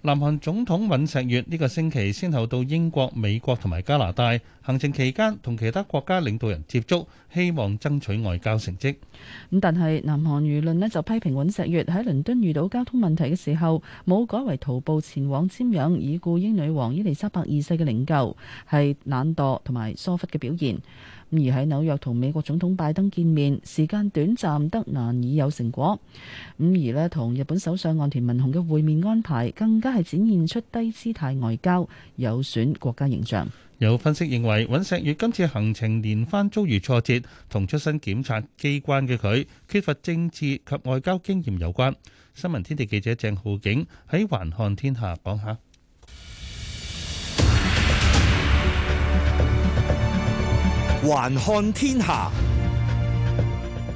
南韓總統尹錫悅呢、這個星期先後到英國、美國同埋加拿大行程期間，同其他國家領導人接觸，希望爭取外交成績。咁但係南韓輿論呢，就批評尹錫悅喺倫敦遇到交通問題嘅時候，冇改為徒步前往瞻仰已故英女王伊麗莎白二世嘅陵柩，係懶惰同埋疏忽嘅表現。咁而喺紐約同美國總統拜登見面，時間短暫得難以有成果。咁而呢同日本首相岸田文雄嘅會面安排，更加係展現出低姿態外交，有損國家形象。有分析認為，尹錫悅今次行程連番遭遇挫折，同出身檢察機關嘅佢缺乏政治及外交經驗有關。新聞天地記者鄭浩景喺環看天下講下。還看天下。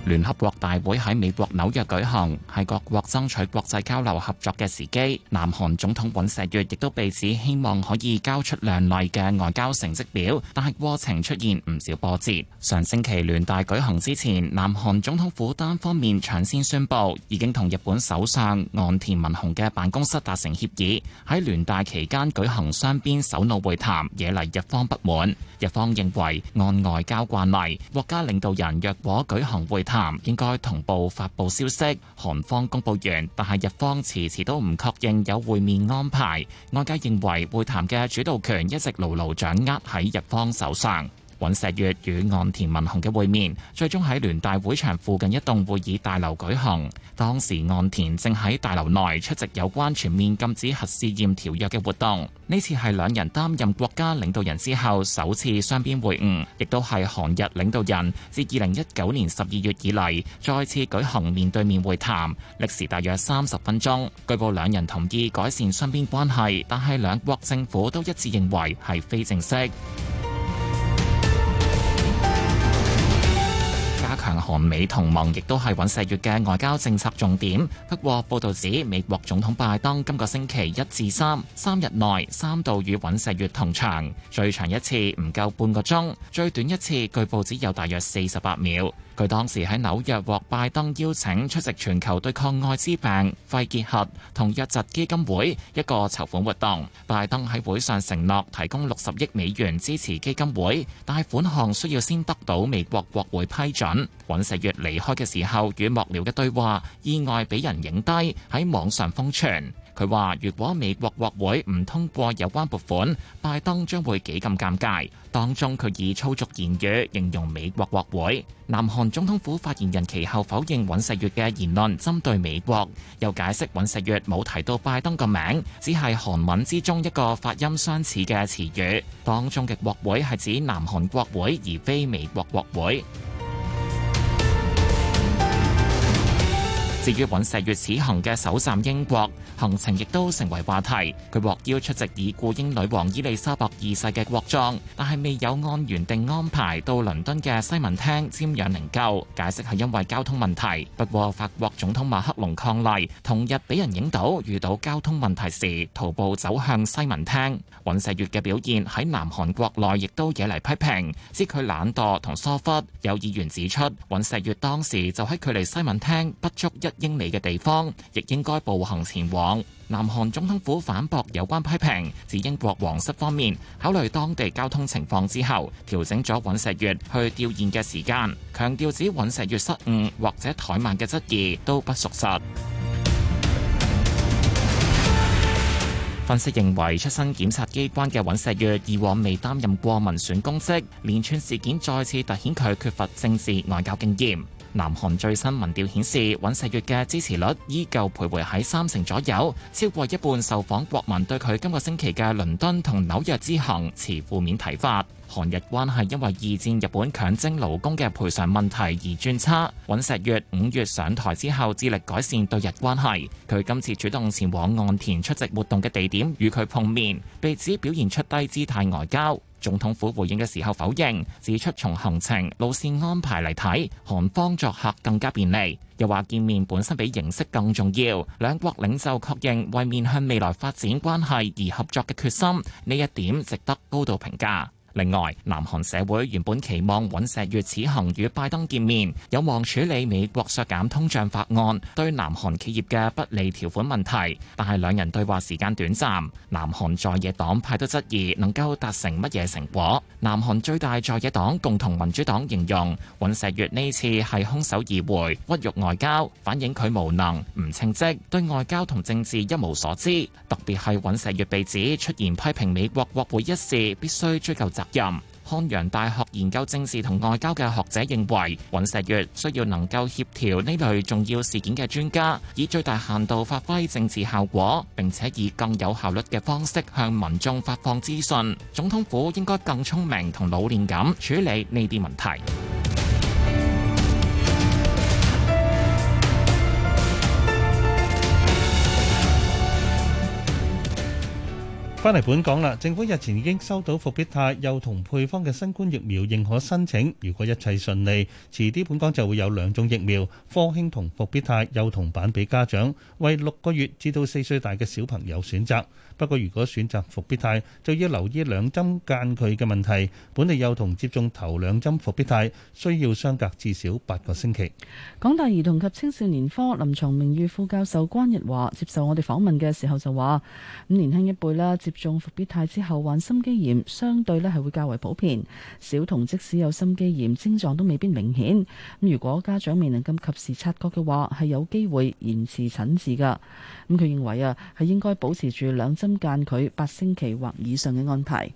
聯合國大會喺美國紐約舉行，係各國爭取國際交流合作嘅時機。南韓總統尹錫悦亦都被指希望可以交出亮麗嘅外交成績表，但係過程出現唔少波折。上星期聯大舉行之前，南韓總統府單方面搶先宣布已經同日本首相岸田文雄嘅辦公室達成協議，喺聯大期間舉行雙邊首腦會談，惹嚟日方不滿。日方認為按外交慣例，國家領導人若果舉行會談，談應該同步發布消息，韓方公佈完，但係日方遲遲都唔確認有會面安排。外界認為會談嘅主導權一直牢牢掌握喺日方手上。尹錫悅與岸田文雄嘅會面，最終喺聯大會場附近一棟會議大樓舉行。當時岸田正喺大樓內出席有關全面禁止核試驗條約嘅活動。呢次係兩人擔任國家領導人之後首次雙邊會晤，亦都係韓日領導人自二零一九年十二月以嚟再次舉行面對面會談，歷時大約三十分鐘。據報兩人同意改善雙邊關係，但係兩國政府都一致認為係非正式。韓美同盟亦都係尹錫悅嘅外交政策重點。不過，報道指美國總統拜登今個星期一至三三日內三度與尹錫悅同場，最長一次唔夠半個鐘，最短一次據報只有大約四十八秒。佢當時喺紐約獲拜登邀請出席全球對抗艾滋病、肺結核同瘧疾基金會一個籌款活動。拜登喺會上承諾提供六十億美元支持基金會，但款項需要先得到美國國會批准。尹錫悅離開嘅時候與幕僚嘅對話意外俾人影低，喺網上瘋傳。佢話：如果美國國會唔通過有關撥款，拜登將會幾咁尷尬。當中佢以粗俗言語形容美國國會。南韓總統府發言人其後否認尹錫悅嘅言論針對美國，又解釋尹錫悅冇提到拜登個名，只係韓文之中一個發音相似嘅詞語。當中嘅國會係指南韓國會，而非美國國會。至於尹錫悅此行嘅首站英國行程，亦都成為話題。佢獲邀出席已故英女王伊麗莎白二世嘅國葬，但係未有按原定安排到倫敦嘅西敏廳瞻仰靈柩。解釋係因為交通問題。不過法國總統馬克龍抗議，同日俾人影到遇到交通問題時，徒步走向西敏廳。尹錫悅嘅表現喺南韓國內亦都惹嚟批評，指佢懶惰同疏忽。有議員指出，尹錫悅當時就喺距離西敏廳不足一英美嘅地方，亦應該步行前往。南韓總統府反駁有關批評，指英國皇室方面考慮當地交通情況之後，調整咗尹錫悦去吊唁嘅時間，強調指尹錫悦失誤或者怠慢嘅質疑都不屬實。 分析認為，出身檢察機關嘅尹錫悦以往未擔任過民選公職，連串事件再次凸顯佢缺乏政治外交經驗。南韓最新民調顯示，尹錫悅嘅支持率依舊徘徊喺三成左右，超過一半受訪國民對佢今個星期嘅倫敦同紐約之行持負面睇法。韓日關係因為二戰日本強徵勞工嘅賠償問題而轉差。尹錫悅五月上台之後致力改善對日關係，佢今次主動前往岸田出席活動嘅地點與佢碰面，被指表現出低姿態外交。總統府回應嘅時候否認，指出從行程、路線安排嚟睇，韓方作客更加便利。又話見面本身比形式更重要，兩國領袖確認，為面向未來發展關係而合作嘅決心，呢一點值得高度評價。另外，南韓社會原本期望尹錫悅此行與拜登見面，有望處理美國削減通脹法案對南韓企業嘅不利條款問題，但係兩人對話時間短暫，南韓在野黨派都質疑能夠達成乜嘢成果。南韓最大在野黨共同民主黨形容尹錫悅呢次係空手而回，屈辱外交，反映佢無能、唔稱職，對外交同政治一無所知，特別係尹錫悅被指出言批評美國國會一事，必須追究責任漢陽大學研究政治同外交嘅學者認為，尹錫悅需要能夠協調呢類重要事件嘅專家，以最大限度發揮政治效果，並且以更有效率嘅方式向民眾發放資訊。總統府應該更聰明同老練咁處理呢啲問題。翻嚟本港啦，政府日前已經收到復必泰幼童配方嘅新冠疫苗認可申請，如果一切順利，遲啲本港就會有兩種疫苗，科興同復必泰幼童版，俾家長為六個月至到四歲大嘅小朋友選擇。不過如果選擇復必泰，就要留意兩針間距嘅問題，本地幼童接種頭兩針復必泰，需要相隔至少八個星期。港大兒童及青少年科臨床名譽副教授關日華接受我哋訪問嘅時候就話，咁年輕一輩啦，接種復必泰之後患心肌炎，相對咧係會較為普遍。小童即使有心肌炎症狀都未必明顯，咁如果家長未能咁及時察覺嘅話，係有機會延遲診治噶，咁佢認為啊，係應該保持住兩針。間距八星期或以上嘅安排。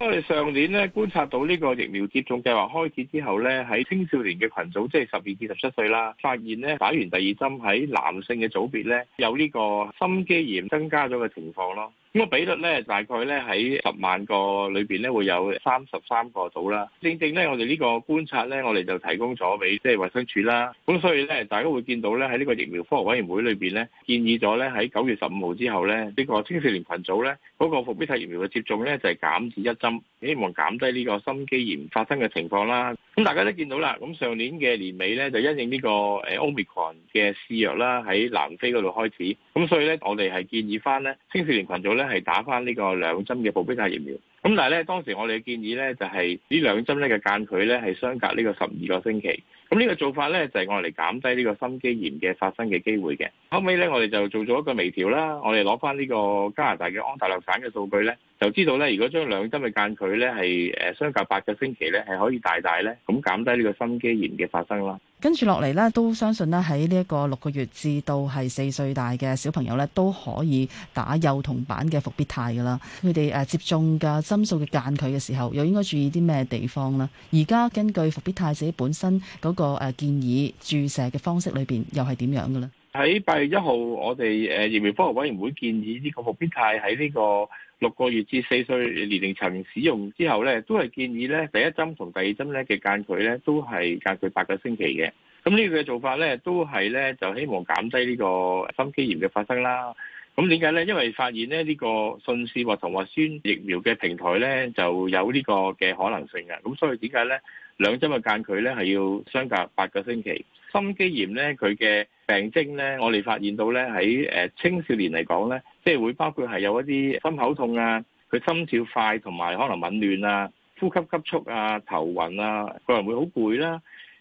我哋上年咧觀察到呢個疫苗接種計劃開始之後呢，喺青少年嘅群組，即係十二至十七歲啦，發現呢，打完第二針喺男性嘅組別呢，有呢個心肌炎增加咗嘅情況咯。咁個比率咧，大概咧喺十萬個裏邊咧，會有三十三個組啦。正正咧，我哋呢個觀察咧，我哋就提供咗俾即係衞生署啦。咁所以咧，大家會見到咧喺呢個疫苗科學委員會裏邊咧，建議咗咧喺九月十五號之後咧，呢、呢個青少年群組咧嗰、嗰個復必泰疫苗嘅接種咧就係、係、減至一針，希望減低呢個心肌炎發生嘅情況啦。咁大家都見到啦，咁上年嘅年尾咧就因應呢個 Omicron 嘅肆虐啦，喺南非嗰度開始。咁所以咧，我哋係建議翻咧青少年群組係打翻呢個兩針嘅復必泰疫苗，咁但係咧當時我哋嘅建議咧就係、是、呢兩針咧嘅間距咧係相隔呢個十二個星期，咁呢個做法咧就係我嚟，減低呢個心肌炎嘅發生嘅機會嘅，後尾咧我哋就做咗一個微調啦，我哋攞翻呢個加拿大嘅安大略省嘅數據咧。就知道咧，如果將兩針嘅間距咧係誒相隔八個星期咧，係可以大大咧咁減低呢個心肌炎嘅發生啦。跟住落嚟咧，都相信咧喺呢一個六個月至到係四歲大嘅小朋友咧，都可以打幼童版嘅復必泰噶啦。佢哋誒接種嘅針數嘅間距嘅時候，又應該注意啲咩地方呢？而家根據復必泰自己本身嗰個誒建議注射嘅方式裏邊，又係點樣嘅咧？喺八月一號，我哋誒、啊、疫苗科學委員會建議呢個復必泰喺呢、呢個。六個月至四歲年齡層使用之後咧，都係建議咧第一針同第二針咧嘅間距咧都係間距八個星期嘅。咁呢個嘅做法咧都係咧就希望減低呢個心肌炎嘅發生啦。咁點解咧？因為發現咧呢個信使核糖核酸疫苗嘅平台咧就有呢個嘅可能性嘅。咁所以點解咧兩針嘅間距咧係要相隔八個星期？心肌炎咧佢嘅。病徵咧，我哋發現到咧喺誒青少年嚟講咧，即係會包括係有一啲心口痛啊，佢心跳快同埋可能紊亂啊，呼吸急促啊，頭暈啊，個人會好攰啦，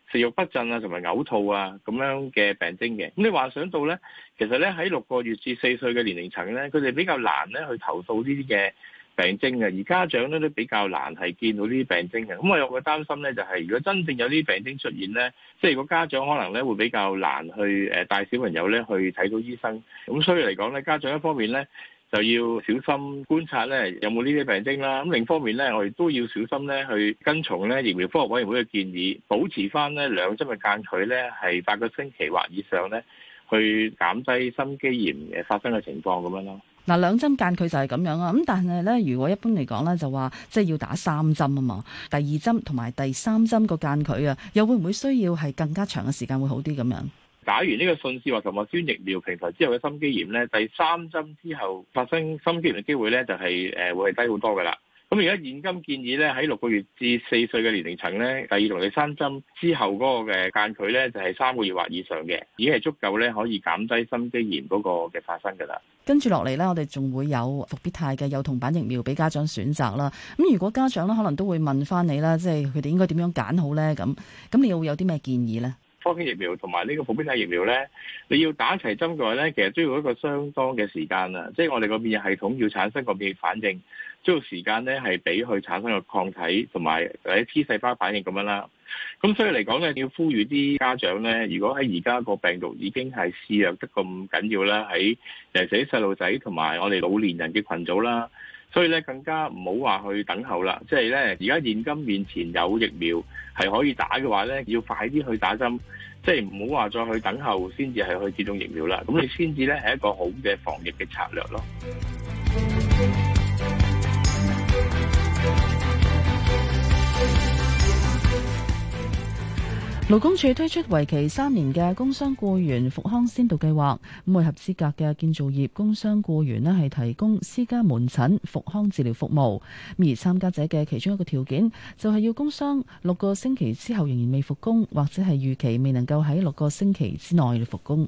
食欲不振啊，同埋嘔吐啊咁樣嘅病徵嘅。咁你幻想到咧，其實咧喺六個月至四歲嘅年齡層咧，佢哋比較難咧去投訴呢啲嘅病徵嘅，而家長咧都比較難係見到呢啲病徵嘅。咁我有個擔心咧，就係如果真正有呢啲病徵出現咧，即係如果家長可能咧會比較難去誒帶小朋友咧去睇到醫生。咁所以嚟講咧，家長一方面咧就要小心觀察咧有冇呢啲病徵啦。咁另一方面咧，我亦都要小心咧去跟從咧疫苗科學委員會嘅建議，保持翻咧兩針嘅間距咧係八個星期或以上咧，去減低心肌炎誒發生嘅情況咁樣咯。嗱，兩針間距就係咁樣啊，咁但係咧，如果一般嚟講咧，就話即係要打三針啊嘛，第二針同埋第三針個間距啊，又會唔會需要係更加長嘅時間會好啲咁樣？打完呢個信息同核酸疫苗平台之後嘅心肌炎咧，第三針之後發生心肌炎嘅機會咧，就係誒會係低好多嘅啦。咁而家現今建議咧，喺六個月至四歲嘅年齡層咧，第二同第三針之後嗰個嘅間距咧，就係三個月或以上嘅，已經係足夠咧可以減低心肌炎嗰個嘅發生㗎啦。跟住落嚟咧，我哋仲會有復必泰嘅幼童版疫苗俾家長選擇啦。咁如果家長咧，可能都會問返你啦，即係佢哋應該點樣揀好咧？咁咁你又會有啲咩建議咧？科興疫苗同埋呢個復必泰疫苗咧，你要打齊針嘅話咧，其實都要一個相當嘅時間啦。即係我哋個免疫系統要產生個免疫反應。將個時間咧係俾佢產生個抗體同埋 T 細胞反應咁樣啦。咁所以嚟講咧，要呼籲啲家長咧，如果喺而家個病毒已經係肆虐得咁緊要啦，喺尤其是細路仔同埋我哋老年人嘅群組啦，所以咧更加唔好話去等候啦。即係咧，而家現今面前有疫苗係可以打嘅話咧，要快啲去打針，即係唔好話再去等候先至係去接種疫苗啦。咁你先至咧係一個好嘅防疫嘅策略咯。勞工處推出為期三年嘅工傷僱員復康先導計劃，咁為合資格嘅建造業工傷僱員呢係提供私家門診復康治療服務。而參加者嘅其中一個條件就係要工傷六個星期之後仍然未復工，或者係預期未能夠喺六個星期之內復工。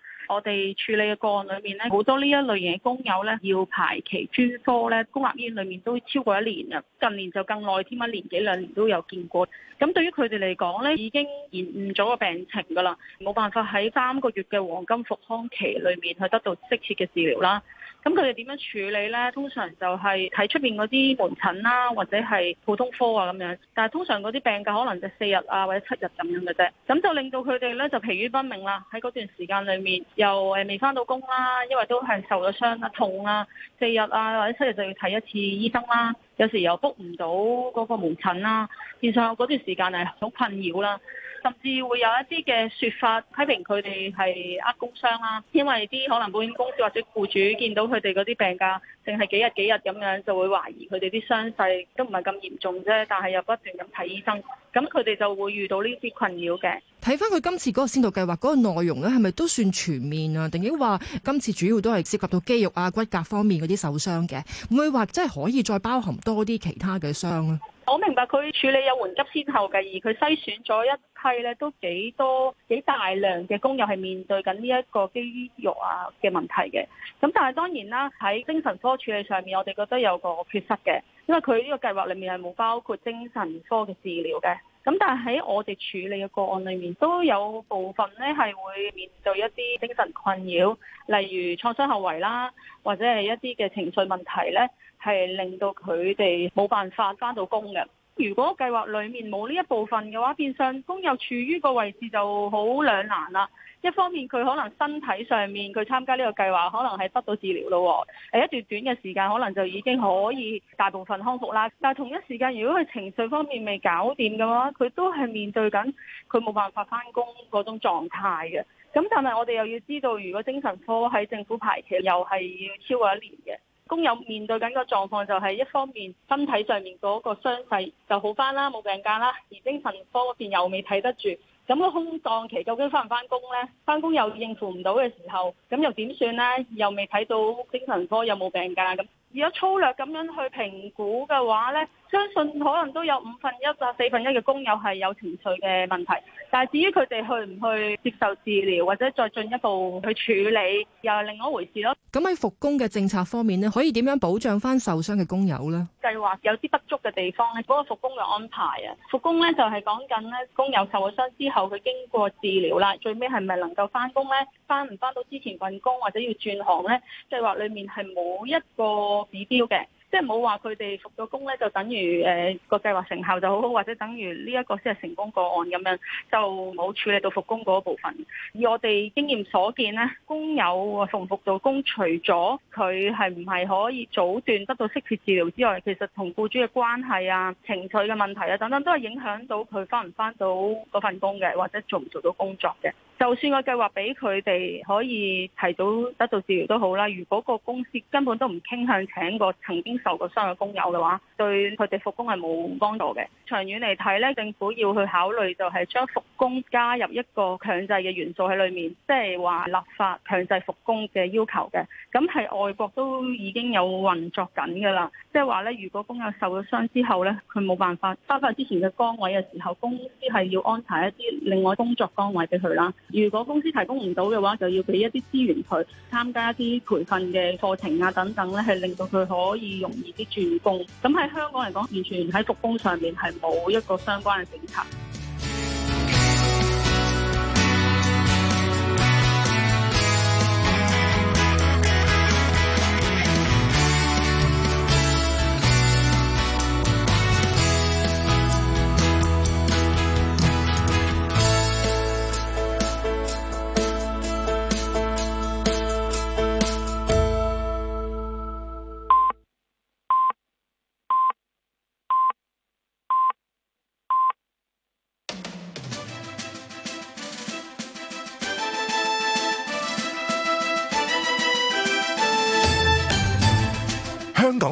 我哋處理嘅個案裏面咧，好多呢一類型嘅工友咧，要排期專科咧，公立醫院裏面都超過一年啦，近年就更耐添，一年幾兩年都有見過。咁對於佢哋嚟講咧，已經延誤咗個病情噶啦，冇辦法喺三個月嘅黃金復康期裏面去得到適切嘅治療啦。咁佢哋點樣處理呢？通常就係睇出邊嗰啲門診啦，或者係普通科啊咁樣。但係通常嗰啲病假可能就四日啊或者七日咁樣嘅啫。咁就令到佢哋呢就疲於奔命啦。喺嗰段時間裡面，又誒未返到工啦，因為都係受咗傷啦、痛啦、四日啊或者七日就要睇一次醫生啦。有時又 book 唔到嗰個門診啦，變相嗰段時間係好困擾啦。甚至會有一啲嘅説法批評佢哋係呃工傷啦、啊，因為啲可能保險公司或者僱主見到佢哋嗰啲病假淨係幾日幾日咁樣，就會懷疑佢哋啲傷勢都唔係咁嚴重啫，但係又不斷咁睇醫生，咁佢哋就會遇到呢啲困擾嘅。睇翻佢今次嗰個先導計劃嗰個內容咧，係咪都算全面啊？定係話今次主要都係涉及到肌肉啊、骨骼方面嗰啲受傷嘅，會唔會話真係可以再包含多啲其他嘅傷咧？我明白佢處理有緩急先後嘅，而佢篩選咗一批咧，都幾多幾大量嘅工友係面對緊呢一個肌肉啊嘅問題嘅。咁但係當然啦，喺精神科處理上面，我哋覺得有個缺失嘅，因為佢呢個計劃裡面係冇包括精神科嘅治療嘅。咁但係喺我哋處理嘅個案裏面，都有部分呢係會面對一啲精神困擾，例如創傷後遺啦，或者係一啲嘅情緒問題呢，係令到佢哋冇辦法返到工嘅。如果計劃裏面冇呢一部分嘅話，變相工友處於個位置就好兩難啦。一方面，佢可能身體上面佢參加呢個計劃可能係得到治療咯，係一段短嘅時間可能就已經可以大部分康復啦。但係同一時間，如果佢情緒方面未搞掂嘅話，佢都係面對緊佢冇辦法翻工嗰種狀態嘅。咁但係我哋又要知道，如果精神科喺政府排期又係要超過一年嘅，工友面對緊個狀況就係一方面身體上面嗰個傷勢就好翻啦，冇病假啦，而精神科嗰邊又未睇得住。咁個空檔期究竟翻唔翻工咧？翻工又應付唔到嘅時候，咁又點算咧？又未睇到精神科有冇病假咁？如果粗略咁樣去評估嘅話呢，相信可能都有五分一啊、四分一嘅工友係有情緒嘅問題，但係至於佢哋去唔去接受治療或者再進一步去處理，又係另外一回事咯。咁喺復工嘅政策方面呢，可以點樣保障翻受傷嘅工友呢？計劃有啲不足嘅地方呢，嗰個復工嘅安排啊，復工呢就係講緊呢，工友受咗傷之後佢經過治療啦，最尾係咪能夠翻工呢？翻唔翻到之前份工或者要轉行呢？計劃裡面係冇一個。指標嘅，即係冇話佢哋復咗工咧，就等於誒個計劃成效就好好，或者等於呢一個先係成功個案咁樣，就冇處理到復工嗰部分。而我哋經驗所見呢，工友復唔復到工除咗佢係唔係可以早斷得到適切治療之外，其實同僱主嘅關係啊、情緒嘅問題啊等等，都係影響到佢翻唔翻到嗰份工嘅，或者做唔做到工作嘅。就算個計劃俾佢哋可以提早得到治療都好啦。如果個公司根本都唔傾向請個曾經受過傷嘅工友嘅話，對佢哋復工係冇幫助嘅。長遠嚟睇咧，政府要去考慮就係將復工加入一個強制嘅元素喺裡面，即係話立法強制復工嘅要求嘅。咁係外國都已經有運作緊㗎啦，即係話咧，如果工友受咗傷之後咧，佢冇辦法翻返之前嘅崗位嘅時候，公司係要安排一啲另外工作崗位俾佢啦。如果公司提供唔到嘅話，就要俾一啲資源佢參加一啲培訓嘅課程啊，等等咧，係令到佢可以容易啲轉工。咁喺香港嚟講，完全喺僱工上面係冇一個相關嘅政策。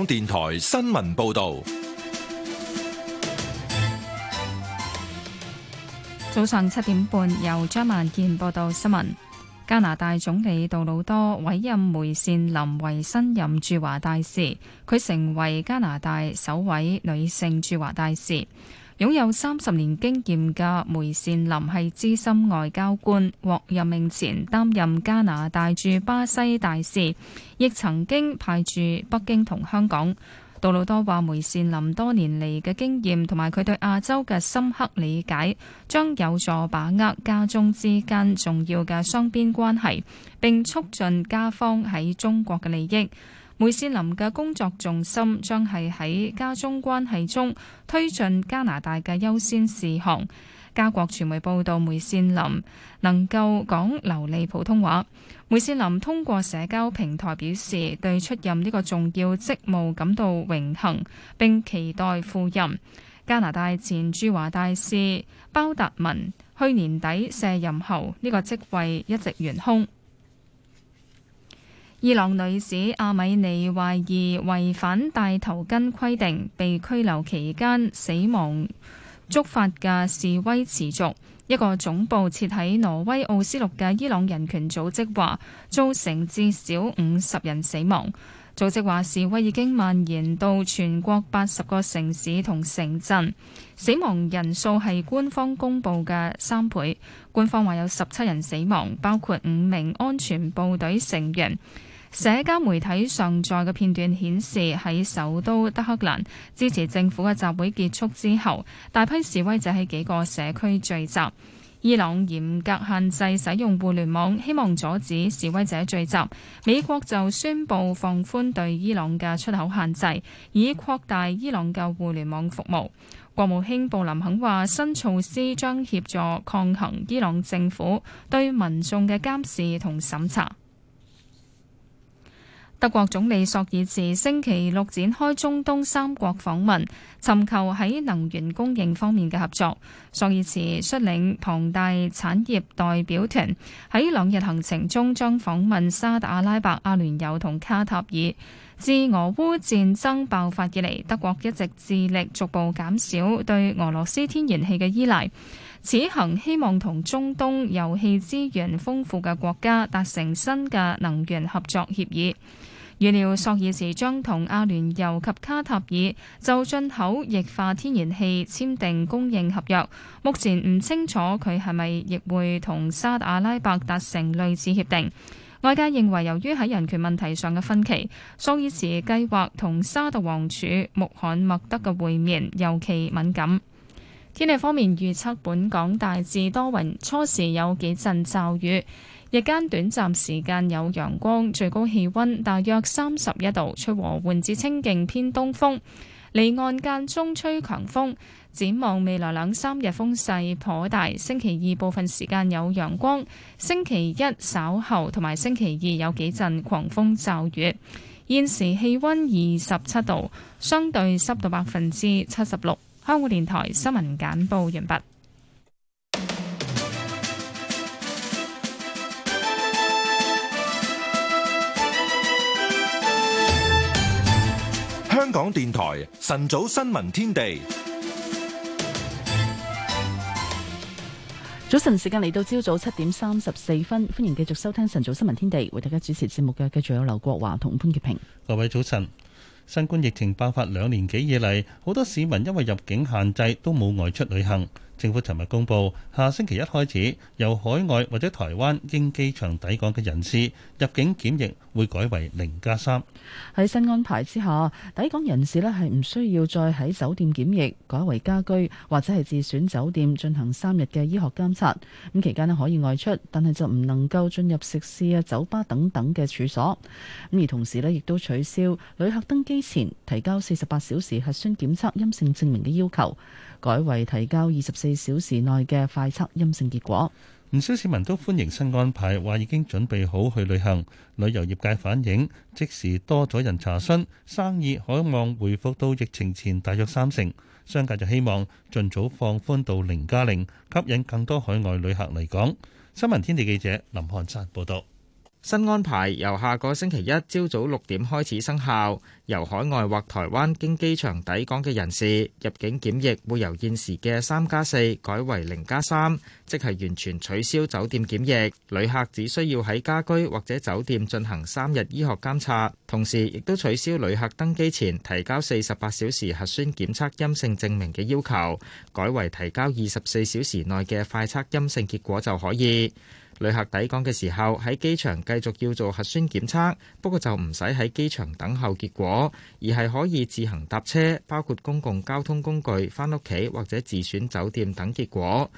電台新聞報道，早上七點半由張萬健報道新聞。加拿大總理杜魯多委任梅善林為新任駐華大使，佢成為加拿大首位女性駐華大使。擁有三十年經驗嘅梅善林係資深外交官，獲任命前擔任加拿大駐巴西大使，亦曾經派駐北京同香港。杜魯多話：梅善林多年嚟嘅經驗同埋佢對亞洲嘅深刻理解，將有助把握加中之間重要嘅雙邊關係，並促進加方喺中國嘅利益。梅善林嘅工作重心將係喺加中關係中推進加拿大嘅優先事項。加國傳媒報道，梅善林能夠講流利普通話。梅善林通過社交平台表示對出任呢個重要職務感到榮幸，並期待赴任。加拿大前駐華大使包達文去年底卸任後，呢個職位一直懸空。伊朗女子阿米尼懷疑違反戴頭巾規定，被拘留期間死亡，觸發嘅示威持續。一個總部設喺挪威奧斯陸嘅伊朗人權組織話，造成至少五十人死亡。組織話示威已經蔓延到全國八十個城市同城鎮，死亡人數係官方公布嘅三倍。官方話有十七人死亡，包括五名安全部隊成員。社交媒體上載嘅片段顯示，喺首都德黑蘭支持政府嘅集會結束之後，大批示威者喺幾個社區聚集。伊朗嚴格限制使用互聯網，希望阻止示威者聚集。美國就宣布放寬對伊朗嘅出口限制，以擴大伊朗嘅互聯網服務。國務卿布林肯話：新措施將協助抗衡伊朗政府對民眾嘅監視同審查。德國總理朔爾茨星期六展開中東三國訪問，尋求喺能源供應方面嘅合作。朔爾茨率領龐大產業代表團喺兩日行程中將訪問沙特阿拉伯、阿聯酋同卡塔爾。自俄烏戰爭爆發以嚟，德國一直致力逐步減少對俄羅斯天然氣嘅依賴。此行希望同中東油氣資源豐富嘅國家達成新嘅能源合作協議。預料朔爾茨將同阿聯酋及卡塔爾就進口液化天然氣簽訂供應合約。目前唔清楚佢係咪亦會同沙特阿拉伯達成類似協定。外界認為，由於喺人權問題上嘅分歧，朔爾茨計劃同沙特王儲穆罕默德嘅會面尤其敏感。天氣方面預測，本港大致多雲，初時有幾陣驟雨。日間短暫時間有陽光，最高氣温大約三十一度，吹和緩至清勁偏東風，離岸間中吹強風。展望未來兩三日風勢頗大，星期二部分時間有陽光，星期一稍後同埋星期二有幾陣狂風驟雨。現時氣温二十七度，相對濕度百分之七十六。香港電台新聞簡報完畢。香港電台晨早新聞天地，早晨時間嚟到朝早七點三十四分，歡迎繼續收聽晨早新聞天地，為大家主持節目嘅繼續有劉國華同潘潔平。各位早晨，新冠疫情爆發兩年幾以嚟，好多市民因為入境限制都冇外出旅行。政府尋日公布，下星期一開始，由海外或者台灣經機場抵港嘅人士入境檢疫會改為零加三。喺新安排之下，抵港人士呢係唔需要再喺酒店檢疫，改為家居或者係自選酒店進行三日嘅醫學監察。咁期間呢可以外出，但係就唔能夠進入食肆啊、酒吧等等嘅處所。咁而同時呢，亦都取消旅客登機前提交四十八小時核酸檢測陰性證明嘅要求，改為提交二十四四小時內嘅快測陰性結果，唔少市民都歡迎新安排，話已經準備好去旅行。旅遊業界反映，即時多咗人查詢，生意可望回復到疫情前大約三成。商界就希望盡早放寬到零加零，吸引更多海外旅客嚟港。新聞天地記者林漢山報道。新安排由下個星期一朝早六點開始生效，由海外或台灣經機場抵港嘅人士入境檢疫，會由現時嘅三加四改為零加三，3，即係完全取消酒店檢疫。旅客只需要喺家居或者酒店進行三日醫學監察，同時亦都取消旅客登機前提交四十八小時核酸檢測陰性證明嘅要求，改為提交二十四小時內嘅快測陰性結果就可以。旅客抵港嘅時候，喺機場繼續要做核酸檢測，不過就唔使喺機場等候結果，而係可以自行搭車，包括公共交通工具翻屋企或者自選酒店等結果。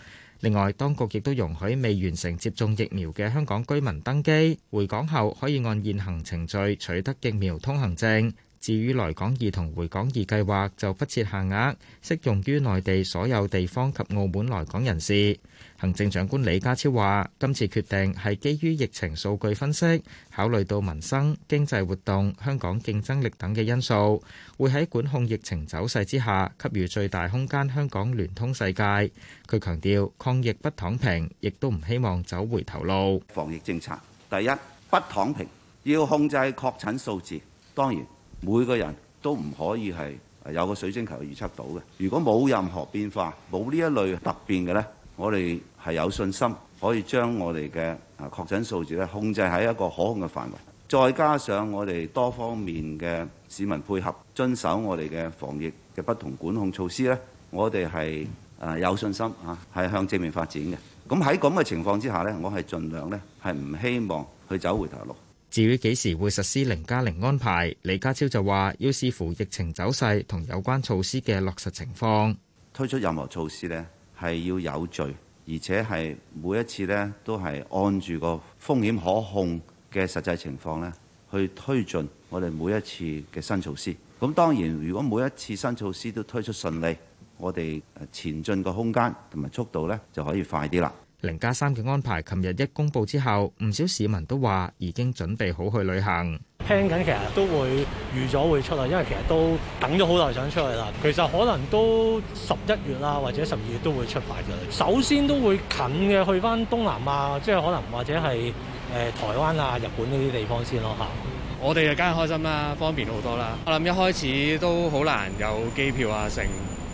另外，當局亦都容許未完成接種疫苗嘅香港居民登機，回港後可以按現行程序取得疫苗通行證。至於來港易同回港易計劃，就不設限額，適用於內地所有地方及澳門來港人士。行政長官李家超話：今次決定係基於疫情數據分析，考慮到民生、經濟活動、香港競爭力等嘅因素，會喺管控疫情走勢之下給予最大空間，香港聯通世界。佢強調抗疫不躺平，亦都唔希望走回頭路。防疫政策第一不躺平，要控制確診數字。當然每個人都唔可以係有個水晶球預測到嘅。如果冇任何變化，冇呢一類突變嘅呢，我哋係有信心可以將我哋嘅啊確診數字咧控制喺一個可控嘅範圍，再加上我哋多方面嘅市民配合遵守我哋嘅防疫嘅不同管控措施呢，我哋係啊有信心嚇係向正面發展嘅。咁喺咁嘅情況之下呢，我係盡量呢，係唔希望去走回頭路。至於幾時會實施零加零安排，李家超就話要視乎疫情走勢同有關措施嘅落實情況。推出任何措施呢，係要有序。而且係每一次呢，都係按住個風險可控嘅實際情況呢，去推進我哋每一次嘅新措施。咁當然，如果每一次新措施都推出順利，我哋前進個空間同埋速度呢，就可以快啲啦。零加三嘅安排，琴日一公布之後，唔少市民都話已經準備好去旅行。聽緊其實都會預咗會出嚟，因為其實都等咗好耐想出嚟啦。其實可能都十一月啦，或者十二月都會出發嘅。首先都會近嘅去返東南亞，即係可能或者係誒台灣啊、日本呢啲地方先咯吓，我哋就梗係開心啦，方便好多啦。我諗一開始都好難有機票啊、成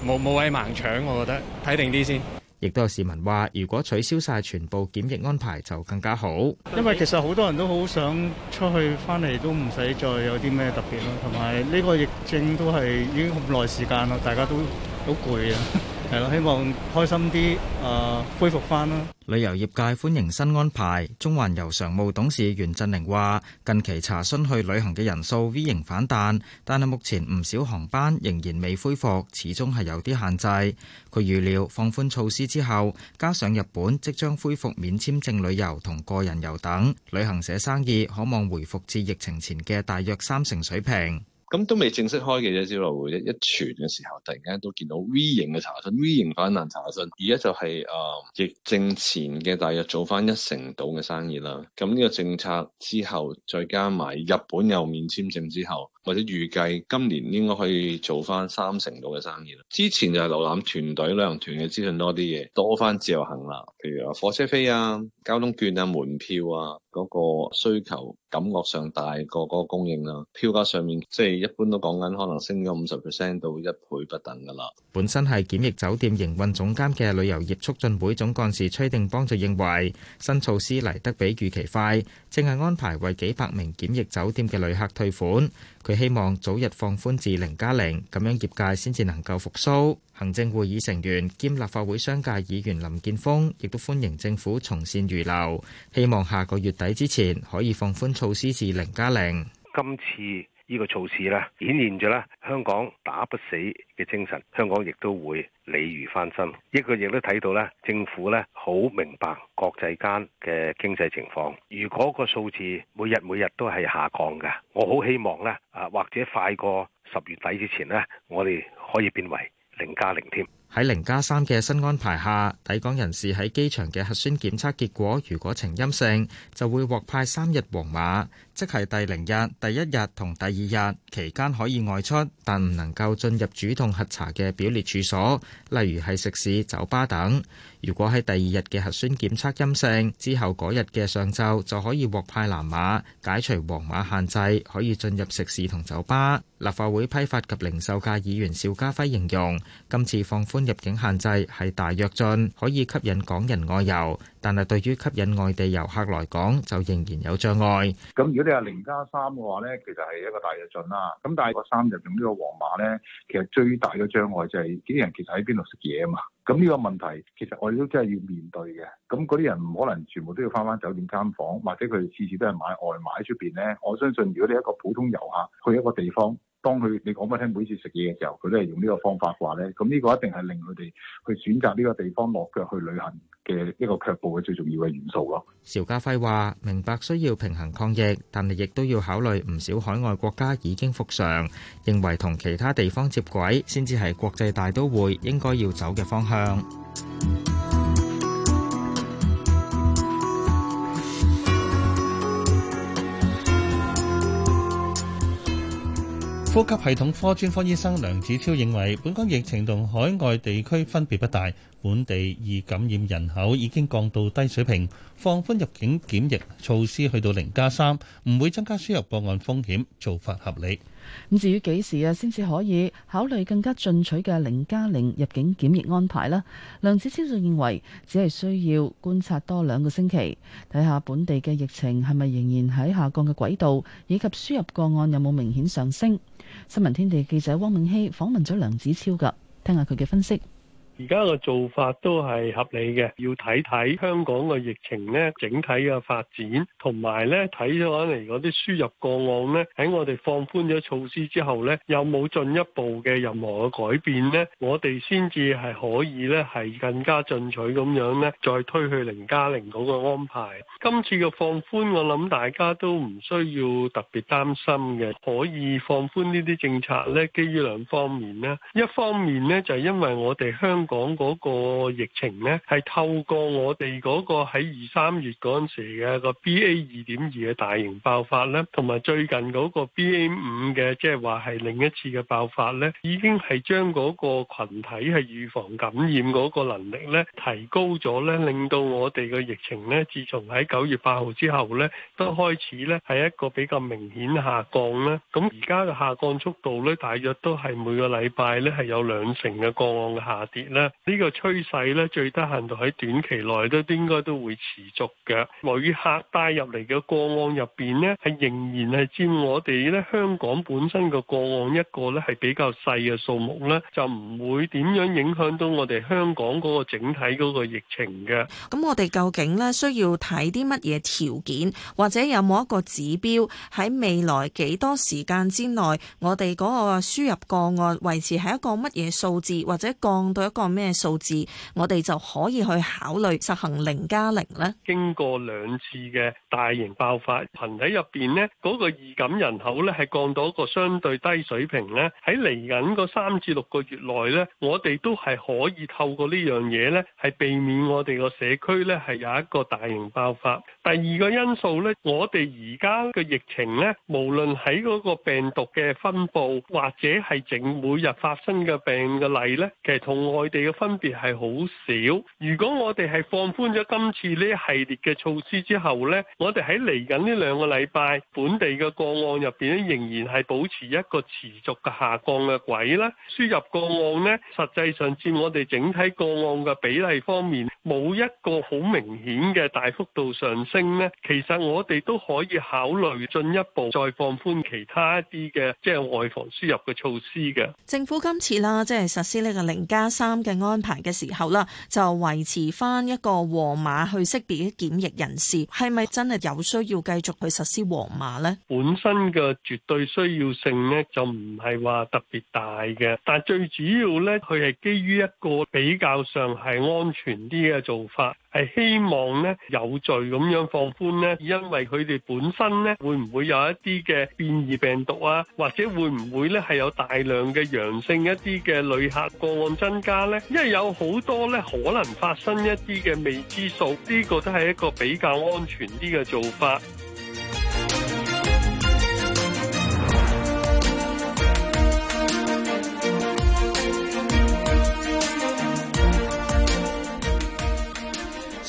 冇冇位盲搶，我覺得睇定啲先。亦都有市民話，如果取消晒全部檢疫安排就更加好，因為其實好多人都好想出去翻嚟，都唔使再有啲咩特別咯。同埋呢個疫症都係已經好耐時間啦，大家都好攰啊。 係咯，希望開心啲，誒恢復翻啦。旅遊業界歡迎新安排。中環遊常務董事袁振寧話：近期查詢去旅行嘅人數 V 型反彈，但係目前唔少航班仍然未恢復，始終係有啲限制。佢預料放寬措施之後，加上日本即將恢復免簽證旅遊同個人遊等，旅行社生意可望回復至疫情前嘅大約三成水平。咁都未正式開嘅啫，交流會一傳嘅時候，突然間都見到 V 型嘅查詢，V 型反而難查詢。而家就係誒疫症前嘅，大約做翻一成度嘅生意啦。咁呢個政策之後，再加埋日本又免簽證之後。或者預計今年應該可以做翻三成度嘅生意啦。之前就係瀏覽團隊旅行團嘅資訊多啲嘢，多翻自由行啦。譬如話火車飛啊、交通券啊、門票啊嗰個需求，感覺上大過嗰個供應啦。票價上面即係一般都講緊，可能升咗五十 percent 到一倍不等噶啦。本身係檢疫酒店營運總監嘅旅遊業促進會總幹事崔定邦就認為，新措施嚟得比預期快，正係安排為幾百名檢疫酒店嘅旅客退款。佢希望早日放寬至零加零，咁樣業界先至能夠復甦。行政會議成員兼立法會商界議員林建峰亦都歡迎政府從善如流，希望下個月底之前可以放寬措施至零加零。今次。呢個措施咧，顯現咗咧香港打不死嘅精神，香港亦都會鹹魚翻生。一個亦都睇到咧，政府咧好明白國際間嘅經濟情況。如果個數字每日每日都係下降嘅，我好希望咧啊，或者快過十月底之前呢，我哋可以變為零加零添。喺零加三嘅新安排下，抵港人士喺機場嘅核酸檢測結果，如果呈陰性，就會獲派三日黃碼。即係第零日、第一日同第二日期間可以外出，但唔能夠進入主動核查嘅表列處所，例如係食肆、酒吧等。如果喺第二日嘅核酸檢測陰性之後嗰日嘅上晝就可以獲派藍碼，解除黃碼限制，可以進入食肆同酒吧。立法會批發及零售界議員邵家輝形容，今次放寬入境限制係大躍進，可以吸引港人外遊，但係對於吸引外地遊客嚟講就仍然有障礙。咁如果即係零加三嘅話咧，其實係一個大躍進啦。咁但係個三入面呢個黃碼咧，其實最大嘅障礙就係、是、啲人其實喺邊度食嘢啊嘛。咁呢個問題，其實我哋都真係要面對嘅。咁嗰啲人唔可能全部都要翻翻酒店間房，或者佢次次都係買外賣出邊咧。我相信，如果你一個普通遊客去一個地方，當佢你講俾佢聽，每次食嘢嘅時候，佢都係用呢個方法話咧，咁呢個一定係令佢哋去選擇呢個地方落腳去旅行嘅一個卻步嘅最重要嘅元素咯。邵家輝話：明白需要平衡抗疫，但係亦都要考慮唔少海外國家已經復常，認為同其他地方接軌先至係國際大都會應該要走嘅方向。呼吸系統科專科醫生梁子超認為，本港疫情同海外地區分別不大，本地易感染人口已經降到低水平，放寬入境檢疫措施去到零加三，唔會增加輸入個案風險，做法合理。咁至於幾時啊，先至可以考慮更加進取嘅零加零入境檢疫安排呢？梁子超就認為，只係需要觀察多兩個星期，睇下本地嘅疫情係咪仍然喺下降嘅軌道，以及輸入個案有冇明顯上升。新聞天地記者汪明希訪問咗梁子超㗎，聽下佢嘅分析。而家個做法都係合理嘅，要睇睇香港個疫情咧，整體嘅發展，同埋咧睇咗嚟講啲輸入個案咧，喺我哋放寬咗措施之後咧，有冇進一步嘅任何嘅改變咧？我哋先至係可以咧係更加進取咁樣咧，再推去零加零嗰個安排。今次嘅放寬，我諗大家都唔需要特別擔心嘅，可以放寬呢啲政策咧，基於兩方面咧。一方面咧就係、是、因為我哋香港講嗰個疫情呢，係透過我哋嗰個喺二三月嗰陣時嘅個 B A 二點二嘅大型爆發呢，同埋最近嗰個 B A 五嘅，即係話係另一次嘅爆發呢，已經係將嗰個羣體係預防感染嗰個能力呢，提高咗呢，令到我哋嘅疫情呢，自從喺九月八號之後呢，都開始呢，係一個比較明顯下降啦。咁而家嘅下降速度呢，大約都係每個禮拜呢，係有兩成嘅個案嘅下跌啦。呢個趨勢咧，最低限度喺短期內都應該都會持續嘅。旅客帶入嚟嘅個案入邊咧，係仍然係佔我哋咧香港本身嘅個案一個咧係比較細嘅數目咧，就唔會點樣影響到我哋香港嗰個整體嗰個疫情嘅。咁我哋究竟咧需要睇啲乜嘢條件，或者有冇一個指標喺未來幾多時間之內，我哋嗰個輸入個案維持係一個乜嘢數字，或者降到一個。咩數字我哋就可以去考慮實行零加零咧？經過兩次嘅大型爆發，群體入邊咧嗰個易感人口咧係降到一個相對低水平咧。喺嚟緊個三至六個月內咧，我哋都係可以透過呢樣嘢咧，係避免我哋個社區咧係有一個大型爆發。第二個因素咧，我哋而家嘅疫情咧，無論喺嗰個病毒嘅分布或者係整每日發生嘅病嘅例咧，其實同外地嘅分別係好少。如果我哋係放寬咗今次呢一系列嘅措施之後呢，我哋喺嚟緊呢兩個禮拜本地嘅個案入邊呢，仍然係保持一個持續嘅下降嘅軌啦。輸入個案呢，實際上佔我哋整體個案嘅比例方面，冇一個好明顯嘅大幅度上升呢，其實我哋都可以考慮進一步再放寬其他一啲嘅即係外防輸入嘅措施嘅。政府今次啦，即係實施呢個零加三。嘅安排嘅時候啦，就維持翻一個黃碼去識別檢疫人士，係咪真係有需要繼續去實施黃碼咧？本身嘅絕對需要性咧，就唔係話特別大嘅，但最主要咧，佢係基於一個比較上係安全啲嘅做法。係希望咧有序咁樣放寬咧，因為佢哋本身咧會唔會有一啲嘅變異病毒啊，或者會唔會咧係有大量嘅陽性一啲嘅旅客個案增加咧？因為有好多咧可能發生一啲嘅未知數，呢、這個都係一個比較安全啲嘅做法。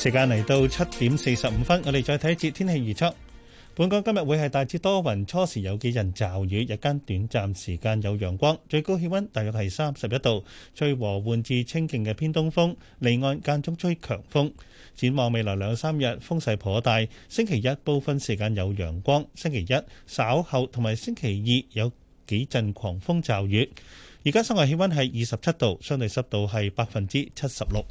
時間嚟到七點四十五分，我哋再睇一節天氣預測。本港今日會係大致多雲，初時有幾陣驟雨，日間短暫時間有陽光，最高氣溫大約係三十一度，吹和緩至清勁嘅偏東風，離岸間中吹強風。展望未來兩三日風勢頗大，星期一部分時間有陽光，星期一稍後同埋星期二有幾陣狂風驟雨。而家室外氣溫係二十七度，相對濕度係百分之七十六。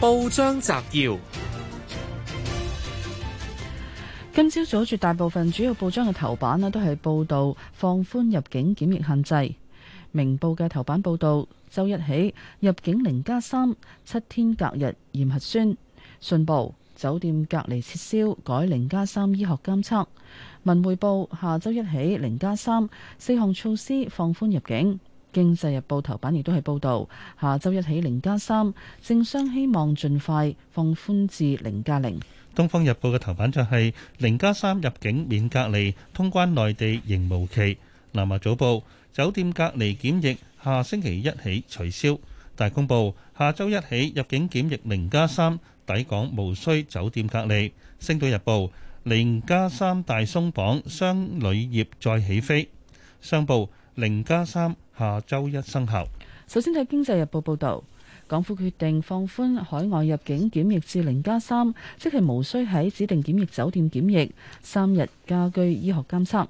報章摘要：今朝早，早，絕大部分主要報章嘅頭版呢，都係報道放寬入境檢疫限制。明報嘅頭版報道，周一起入境零加三，3, 七天隔日驗核酸。信報，酒店隔離撤銷，改零加三醫學監測。文匯報，下周一起零加三，3, 四項措施放寬入境。《經濟日報》頭版亦都係報導，下週一起零加三，政商希望盡快放寬至零加零。《東方日報》嘅頭版就係零加三入境免隔離，通關內地仍無期。《南華早報》酒店隔離檢疫下星期一起取消。《大公報》下週一起入境檢疫零加三抵港無需酒店隔離。《星島日報》零加三大鬆綁，商旅業再起飛。商報零加三。下周一生效。首先睇《經濟日報》報導，港府決定放寬海外入境檢疫至零加三，即係無需喺指定檢疫酒店檢疫，三日家居醫學監測。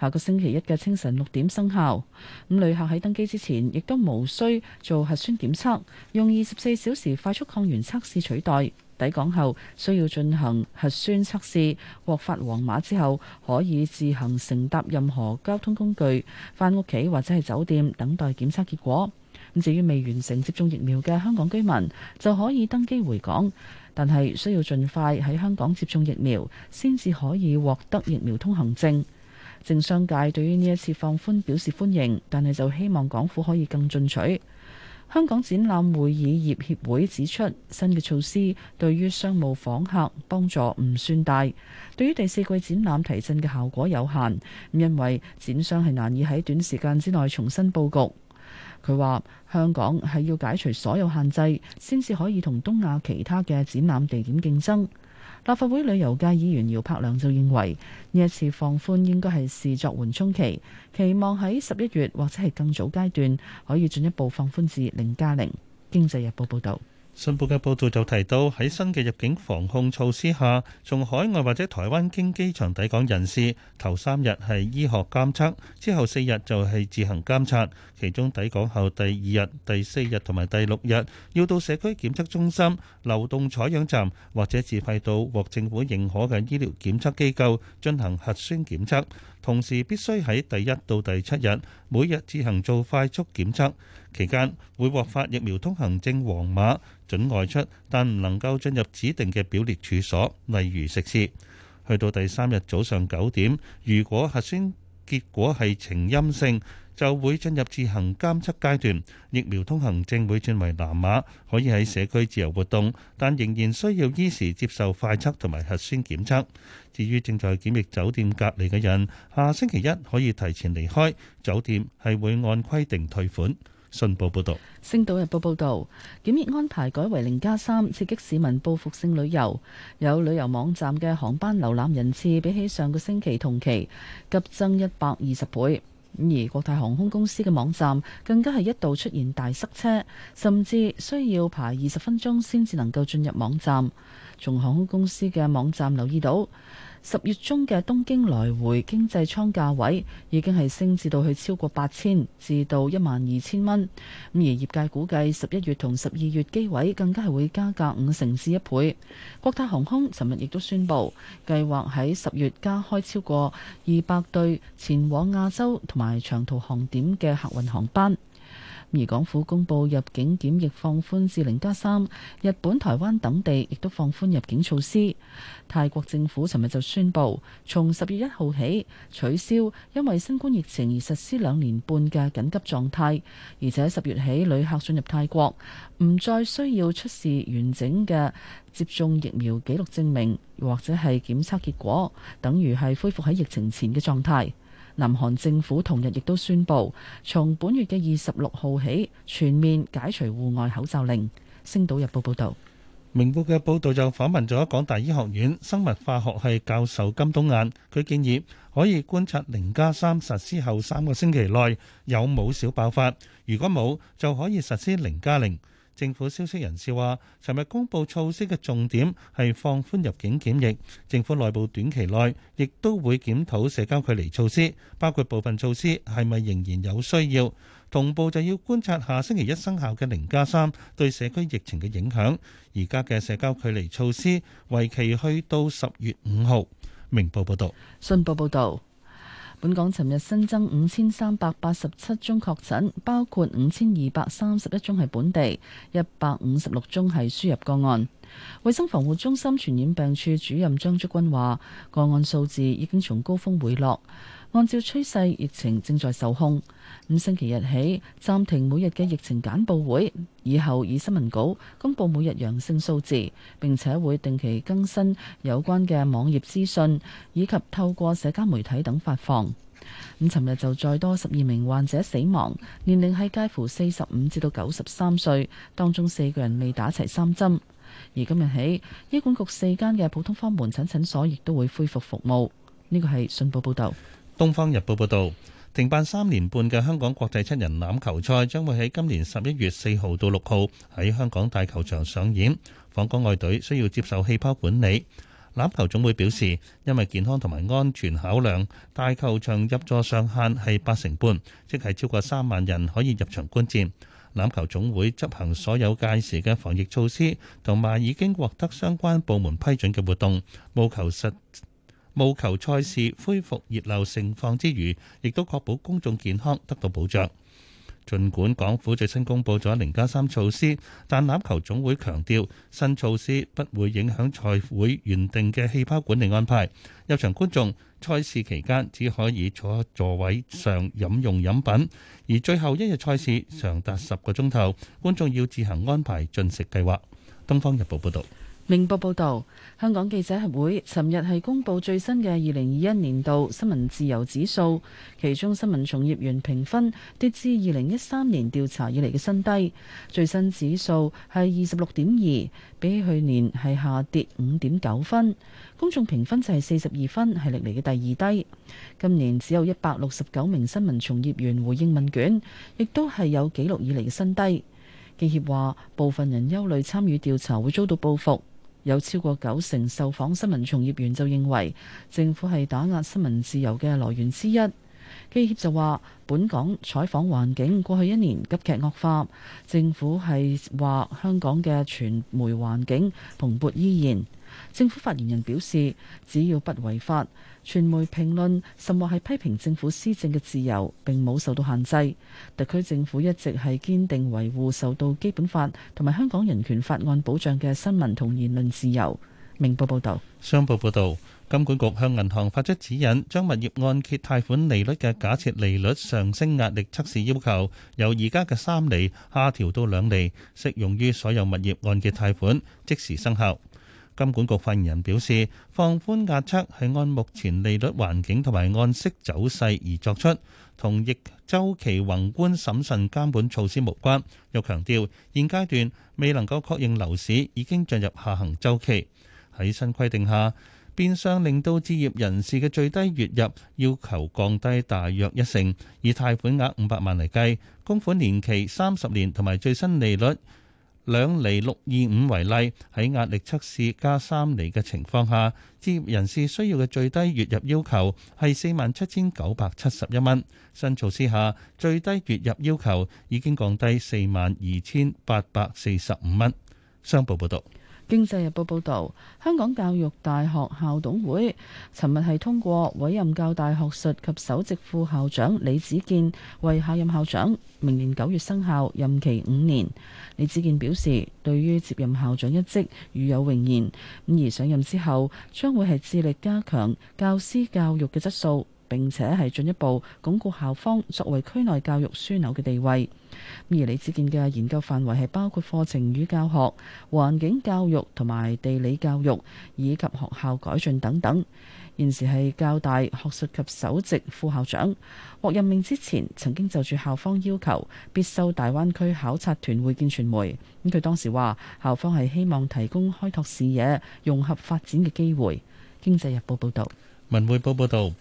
下個星期一嘅清晨六點生效。咁旅客喺登機之前亦都無需做核酸檢測，用二十四小時快速抗原測試取代。抵港後需要進行核酸測試，獲發黃碼之後可以自行乘搭任何交通工具，返屋企或者係酒店等待檢測結果。咁至於未完成接種疫苗嘅香港居民，就可以登機回港，但係需要盡快喺香港接種疫苗，先至可以獲得疫苗通行證。政商界對於呢一次放寬表示歡迎，但係就希望港府可以更進取。香港展覽會議業協會指出，新嘅措施對於商務訪客幫助唔算大，對於第四季展覽提振嘅效果有限。咁因為展商係難以喺短時間之內重新佈局。佢話：香港係要解除所有限制，先至可以同東亞其他嘅展覽地點競爭。立法會旅遊界議員姚柏良就認為，呢一次放寬應該係視作緩衝期，期望喺十一月或者係更早階段可以進一步放寬至零加零。經濟日報報導。信報嘅報道就提到，喺新嘅入境防控措施下，從海外或者台灣經機場抵港人士，頭三日係醫學監測，之後四日就係自行監測，其中抵港後第二日、第四日同埋第六日，要到社區檢測中心、流動採樣站或者自費到獲政府認可嘅醫療檢測機構進行核酸檢測。同時必須喺第一到第七日，每日自行做快速檢測，期間會獲發疫苗通行證黃碼，準外出，但唔能夠進入指定嘅表列處所，例如食肆。去到第三日早上九點，如果核酸結果係呈陰性。就會進入自行監測階段，疫苗通行證會轉為藍碼，可以喺社區自由活動，但仍然需要依時接受快測同埋核酸檢測。至於正在檢疫酒店隔離嘅人，下星期一可以提前離開酒店，係會按規定退款。信報報導，《星島日報》報導檢疫安排改為零加三，刺激市民報復性旅遊。有旅遊網站嘅航班瀏覽人次比起上個星期同期急增一百二十倍。而國泰航空公司嘅網站更加係一度出現大塞車，甚至需要排二十分鐘先至能夠進入網站。從航空公司嘅網站留意到，十月中嘅東京來回經濟艙價位已經係升至到去超過八千至到一萬二千蚊，咁而業界估計十一月同十二月機位更加係會加價五成至一倍。國泰航空尋日亦都宣布，計劃喺十月加開超過二百對前往亞洲同埋長途航點嘅客運航班。而港府公布入境檢疫放寬至零加三，日本、台灣等地亦都放寬入境措施。泰國政府尋日就宣布，從十月一號起取消因為新冠疫情而實施兩年半嘅緊急狀態，而且十月起旅客進入泰國唔再需要出示完整嘅接種疫苗記錄證明或者係檢測結果，等於係恢復喺疫情前嘅狀態。南韓政府同日亦都宣布，從本月嘅二十六號起全面解除戶外口罩令。星島日報報導，明報嘅報導就訪問咗港大醫學院生物化學系教授金冬雁，佢建議可以觀察零加三實施後三個星期內有冇小爆發，如果冇就可以實施零加零。政府消息人士話，尋日公布措施嘅重點係放寬入境檢疫，政府內部短期內亦都會檢討社交距離措施，包括部分措施係咪仍然有需要。同步就要觀察下星期一生效嘅零加三對社區疫情嘅影響，而家嘅社交距離措施為期去到十月五號。明報報道。信報報導。本港尋日新增五千三百八十七宗確診，包括五千二百三十一宗係本地，一百五十六宗係輸入個案。衛生防護中心傳染病處主任張竹君話：個案數字已經從高峰回落。按照趨勢，疫情正在受控。五星期日起暫停每日嘅疫情簡報會，以後以新聞稿公佈每日陽性數字。並且會定期更新有關嘅網頁資訊，以及透過社交媒體等發放。咁，尋日就再多十二名患者死亡，年齡係介乎四十五至到九十三歲，當中四個人未打齊三針。而今日起，醫管局四間嘅普通科門診診所亦都會恢復服務。呢個係信報報道。《東方日報》報導，停辦三年半嘅香港國際七人欖球賽將會喺今年十一月四號到六號喺香港大球場上演。訪港外隊需要接受氣泡管理。欖球總會表示，因為健康同埋安全考量，大球場入座上限係八成半，即係超過三萬人可以入場觀戰。欖球總會執行所有屆時嘅防疫措施，同埋已經獲得相關部門批准嘅活動，務求實務求賽事恢復熱鬧盛況之餘，亦都確保公眾健康得到保障。儘管港府最新公布咗零加三措施，但欖球總會強調，新措施不會影響賽會原定嘅氣泡管理安排。入場觀眾賽事期間只可以坐喺座位上飲用飲品，而最後一日賽事長達十個鐘頭，觀眾要自行安排進食計劃。《東方日報》報道。明報報導，香港記者協會尋日係公布最新嘅二零二一年度新聞自由指數，其中新聞從業員評分跌至二零一三年調查以嚟嘅新低，最新指數係二十六點二，比起去年係下跌五點九分。公眾評分就係四十二分，係歷嚟嘅第二低。今年只有一百六十九名新聞從業員回應問卷，亦都係有紀錄以嚟嘅新低。記協話，部分人憂慮參與調查會遭到報復。有超過九成受訪新聞從業員就認為政府係打壓新聞自由嘅來源之一。記協就話，本港採訪環境過去一年急劇惡化，政府係話香港嘅傳媒環境蓬勃依然。政府發言人表示，只要不違法，傳媒評論甚或係批評政府施政嘅自由並冇受到限制。特區政府一直係堅定維護受到基本法同埋香港人權法案保障嘅新聞同言論自由。明報報道。商報報道，金管局向銀行發出指引，將物業按揭貸款利率嘅假設利率上升壓力測試要求由而家嘅三厘下調到兩厘，適用於所有物業按揭貸款，即時生效。金管局發言人表示，放寬壓測係按目前利率環境同埋按息走勢而作出，同逆周期宏觀審慎監管措施無關，又強調現階段未能夠確認樓市已經進入下行周期。喺新規定下，變相令到置業人士嘅最低月入要求降低大約一成，以貸款額五百萬嚟計，供款年期三十年同埋最新利率，兩厘六二五為例，喺壓力測試加三厘嘅情況下，職業人士需要嘅最低月入要求係四萬七千九百七十一蚊。新措施下，最低月入要求已經降低四萬二千八百四十五蚊。商報報道。經濟日報報導，香港教育大學校董會尋日係通過委任教大學術及首席副校長李子健為下任校長，明年九月生效，任期五年。李子健表示，對於接任校長一職，與有榮焉，咁而上任之後，將會係致力加強教師教育嘅質素。並且係進一步鞏固校方作為區內教育樞紐嘅地位。而李子健嘅研究範圍係包括課程與教學、環境教育同埋地理教育，以及學校改進等等。現時係教大學術及首席副校長獲任命之前曾經就住校方要求，必受大灣區考察團會見傳媒。咁佢當時話校方係希望提供開拓視野、融合發展嘅機會。經濟日報報道，文匯報報道。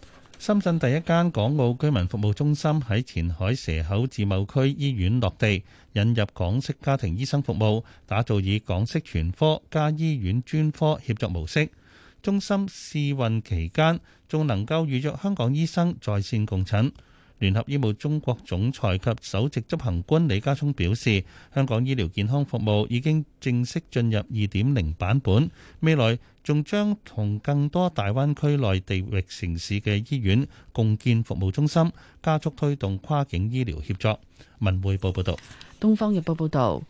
深圳第一間港澳居民服務中心喺前海蛇口自貿區醫院落地，引入港式家庭醫生服務，打造以港式全科加醫院專科協作模式。中心試運期間，仲能夠預約香港醫生在線共診。聯合醫務中國總裁及首席執行官李家聰表示，香港醫療健康服務已經正式進入2.0版本，未來，仲將同更多大灣區內地域城市嘅醫院共建服務中心，加速推動跨境醫療協作。文匯報報道。東方日報報道，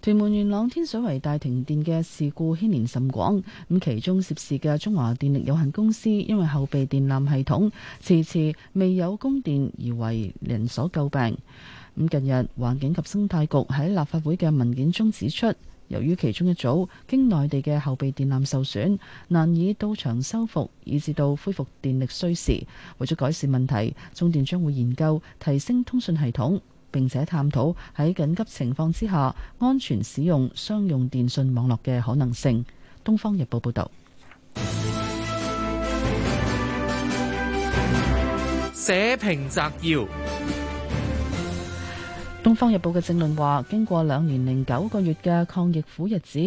屯門、元朗、天水圍大停電嘅事故牽連甚廣，咁其中涉事嘅中華電力有限公司因為後備電纜系統遲遲未有供電而為人所詬病。咁近日環境及生態局喺立法會嘅文件中指出。由於其中一組經內地嘅後備電纜受損，難以到場修復，以致到恢復電力需時。為咗改善問題，中電將會研究提升通訊系統，並且探討喺緊急情況之下安全使用商用電信網絡嘅可能性。《東方日報》報道：社評摘要。東方日報嘅政論話，經過兩年零九個月嘅抗疫苦日子，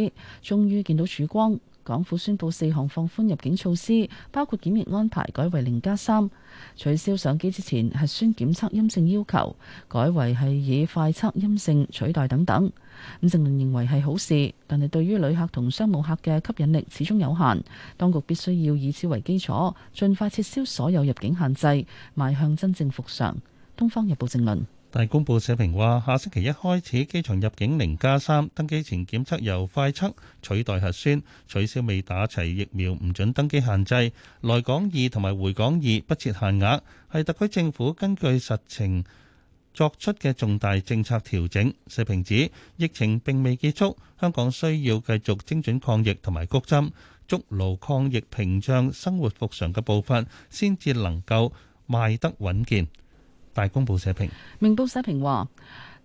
終於見到曙光。港府宣布四項放寬入境措施，包括檢疫安排改為零加三，3, 取消上機之前核酸檢測陰性要求，改為係以快測陰性取代等等。咁、嗯、政論認為係好事，但係對於旅客同商務客嘅吸引力始終有限。當局必須要以此為基礎，盡快撤銷所有入境限制，邁向真正復常。東方日報政論。大公報社評話：下星期一開始，機場入境零加三，登機前檢測由快測取代核酸，取消未打齊疫苗唔準登機限制。來港二同埋回港二不設限額，係特區政府根據實情作出嘅重大政策調整。社評指疫情並未結束，香港需要繼續精準抗疫同埋谷針，築牢抗疫屏障，生活復常嘅步伐先至能夠邁得穩健。大公報社評，明報社評話，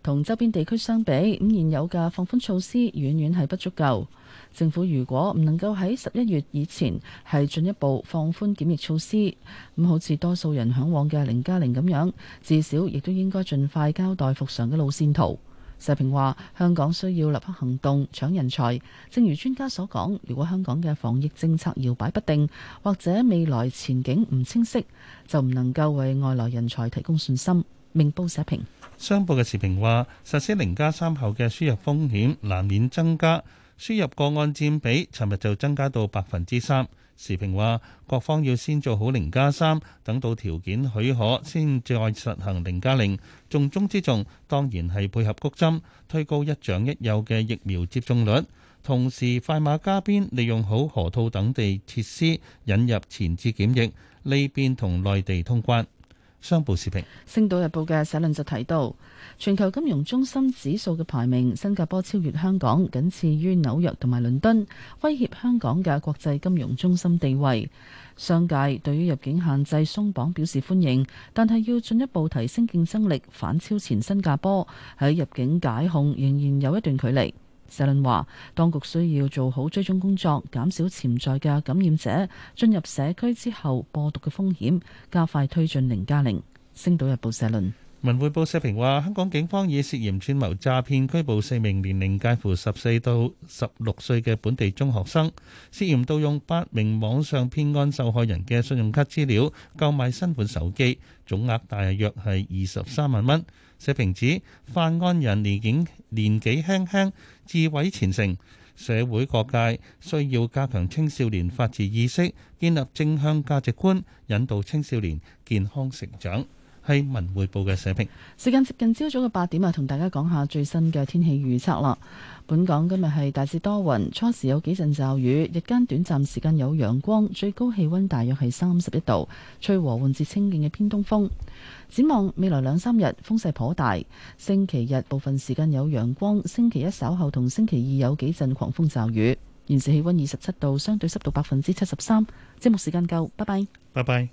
同周邊地區相比，咁現有嘅放寬措施遠遠係不足夠，政府如果唔能夠喺十一月以前係進一步放寬檢疫措施，咁好似多數人向往嘅零加零咁樣，至少亦都應該盡快交代復常嘅路線圖。社評話，香港需要立刻行動搶人才，正如專家所講，如果香港嘅防疫政策搖擺不定，或者未來前景唔清晰，就唔能夠為外來人才提供信心。明報社評，商報嘅社評話，實施零加三後嘅輸入風險難免增加，輸入個案佔比尋日就增加到百分之三。時評話：各方要先做好零加三，3，等到條件許可，先再，再實行零加零。重中之重當然係配合谷針，推高一長一幼嘅疫苗接種率，同時快馬加鞭，利用好河套等地設施，引入前置檢疫，利便同內地通關。商報視頻，《星島日報》嘅社論就提到，全球金融中心指數嘅排名，新加坡超越香港，僅次於紐約同埋倫敦，威脅香港嘅國際金融中心地位。商界對於入境限制鬆綁表示歡迎，但係要進一步提升競爭力，反超前新加坡。喺入境解控仍然有一段距離。社論話：當局需要做好追蹤工作，減少潛在嘅感染者進入社區之後播毒嘅風險，加快推進零加零。星島日報社論。文匯報社評話：香港警方以涉嫌串謀詐騙拘捕四名年齡介乎十四到十六歲嘅本地中學生，涉嫌盜用八名網上騙案受害人嘅信用卡資料，購買新款手機，總額大約係二十三萬蚊。社評指犯案人年影年紀輕輕，自毀前程，社會各界需要加強青少年法治意識，建立正向價值觀，引導青少年健康成長。係文匯報嘅社評。時間接近朝早嘅八點啊，同大家講下最新嘅天氣預測啦。本港今日係大致多雲，初時有幾陣驟雨，日間短暫時間有陽光，最高氣溫大約係三十一度，吹和緩至清勁嘅偏東風。展望未來兩三日風勢頗大，星期日部分時間有陽光，星期一稍後同星期二有幾陣狂風驟雨。現時氣溫二十七度，相對濕度百分之七十三。節目時間夠，拜拜。拜拜。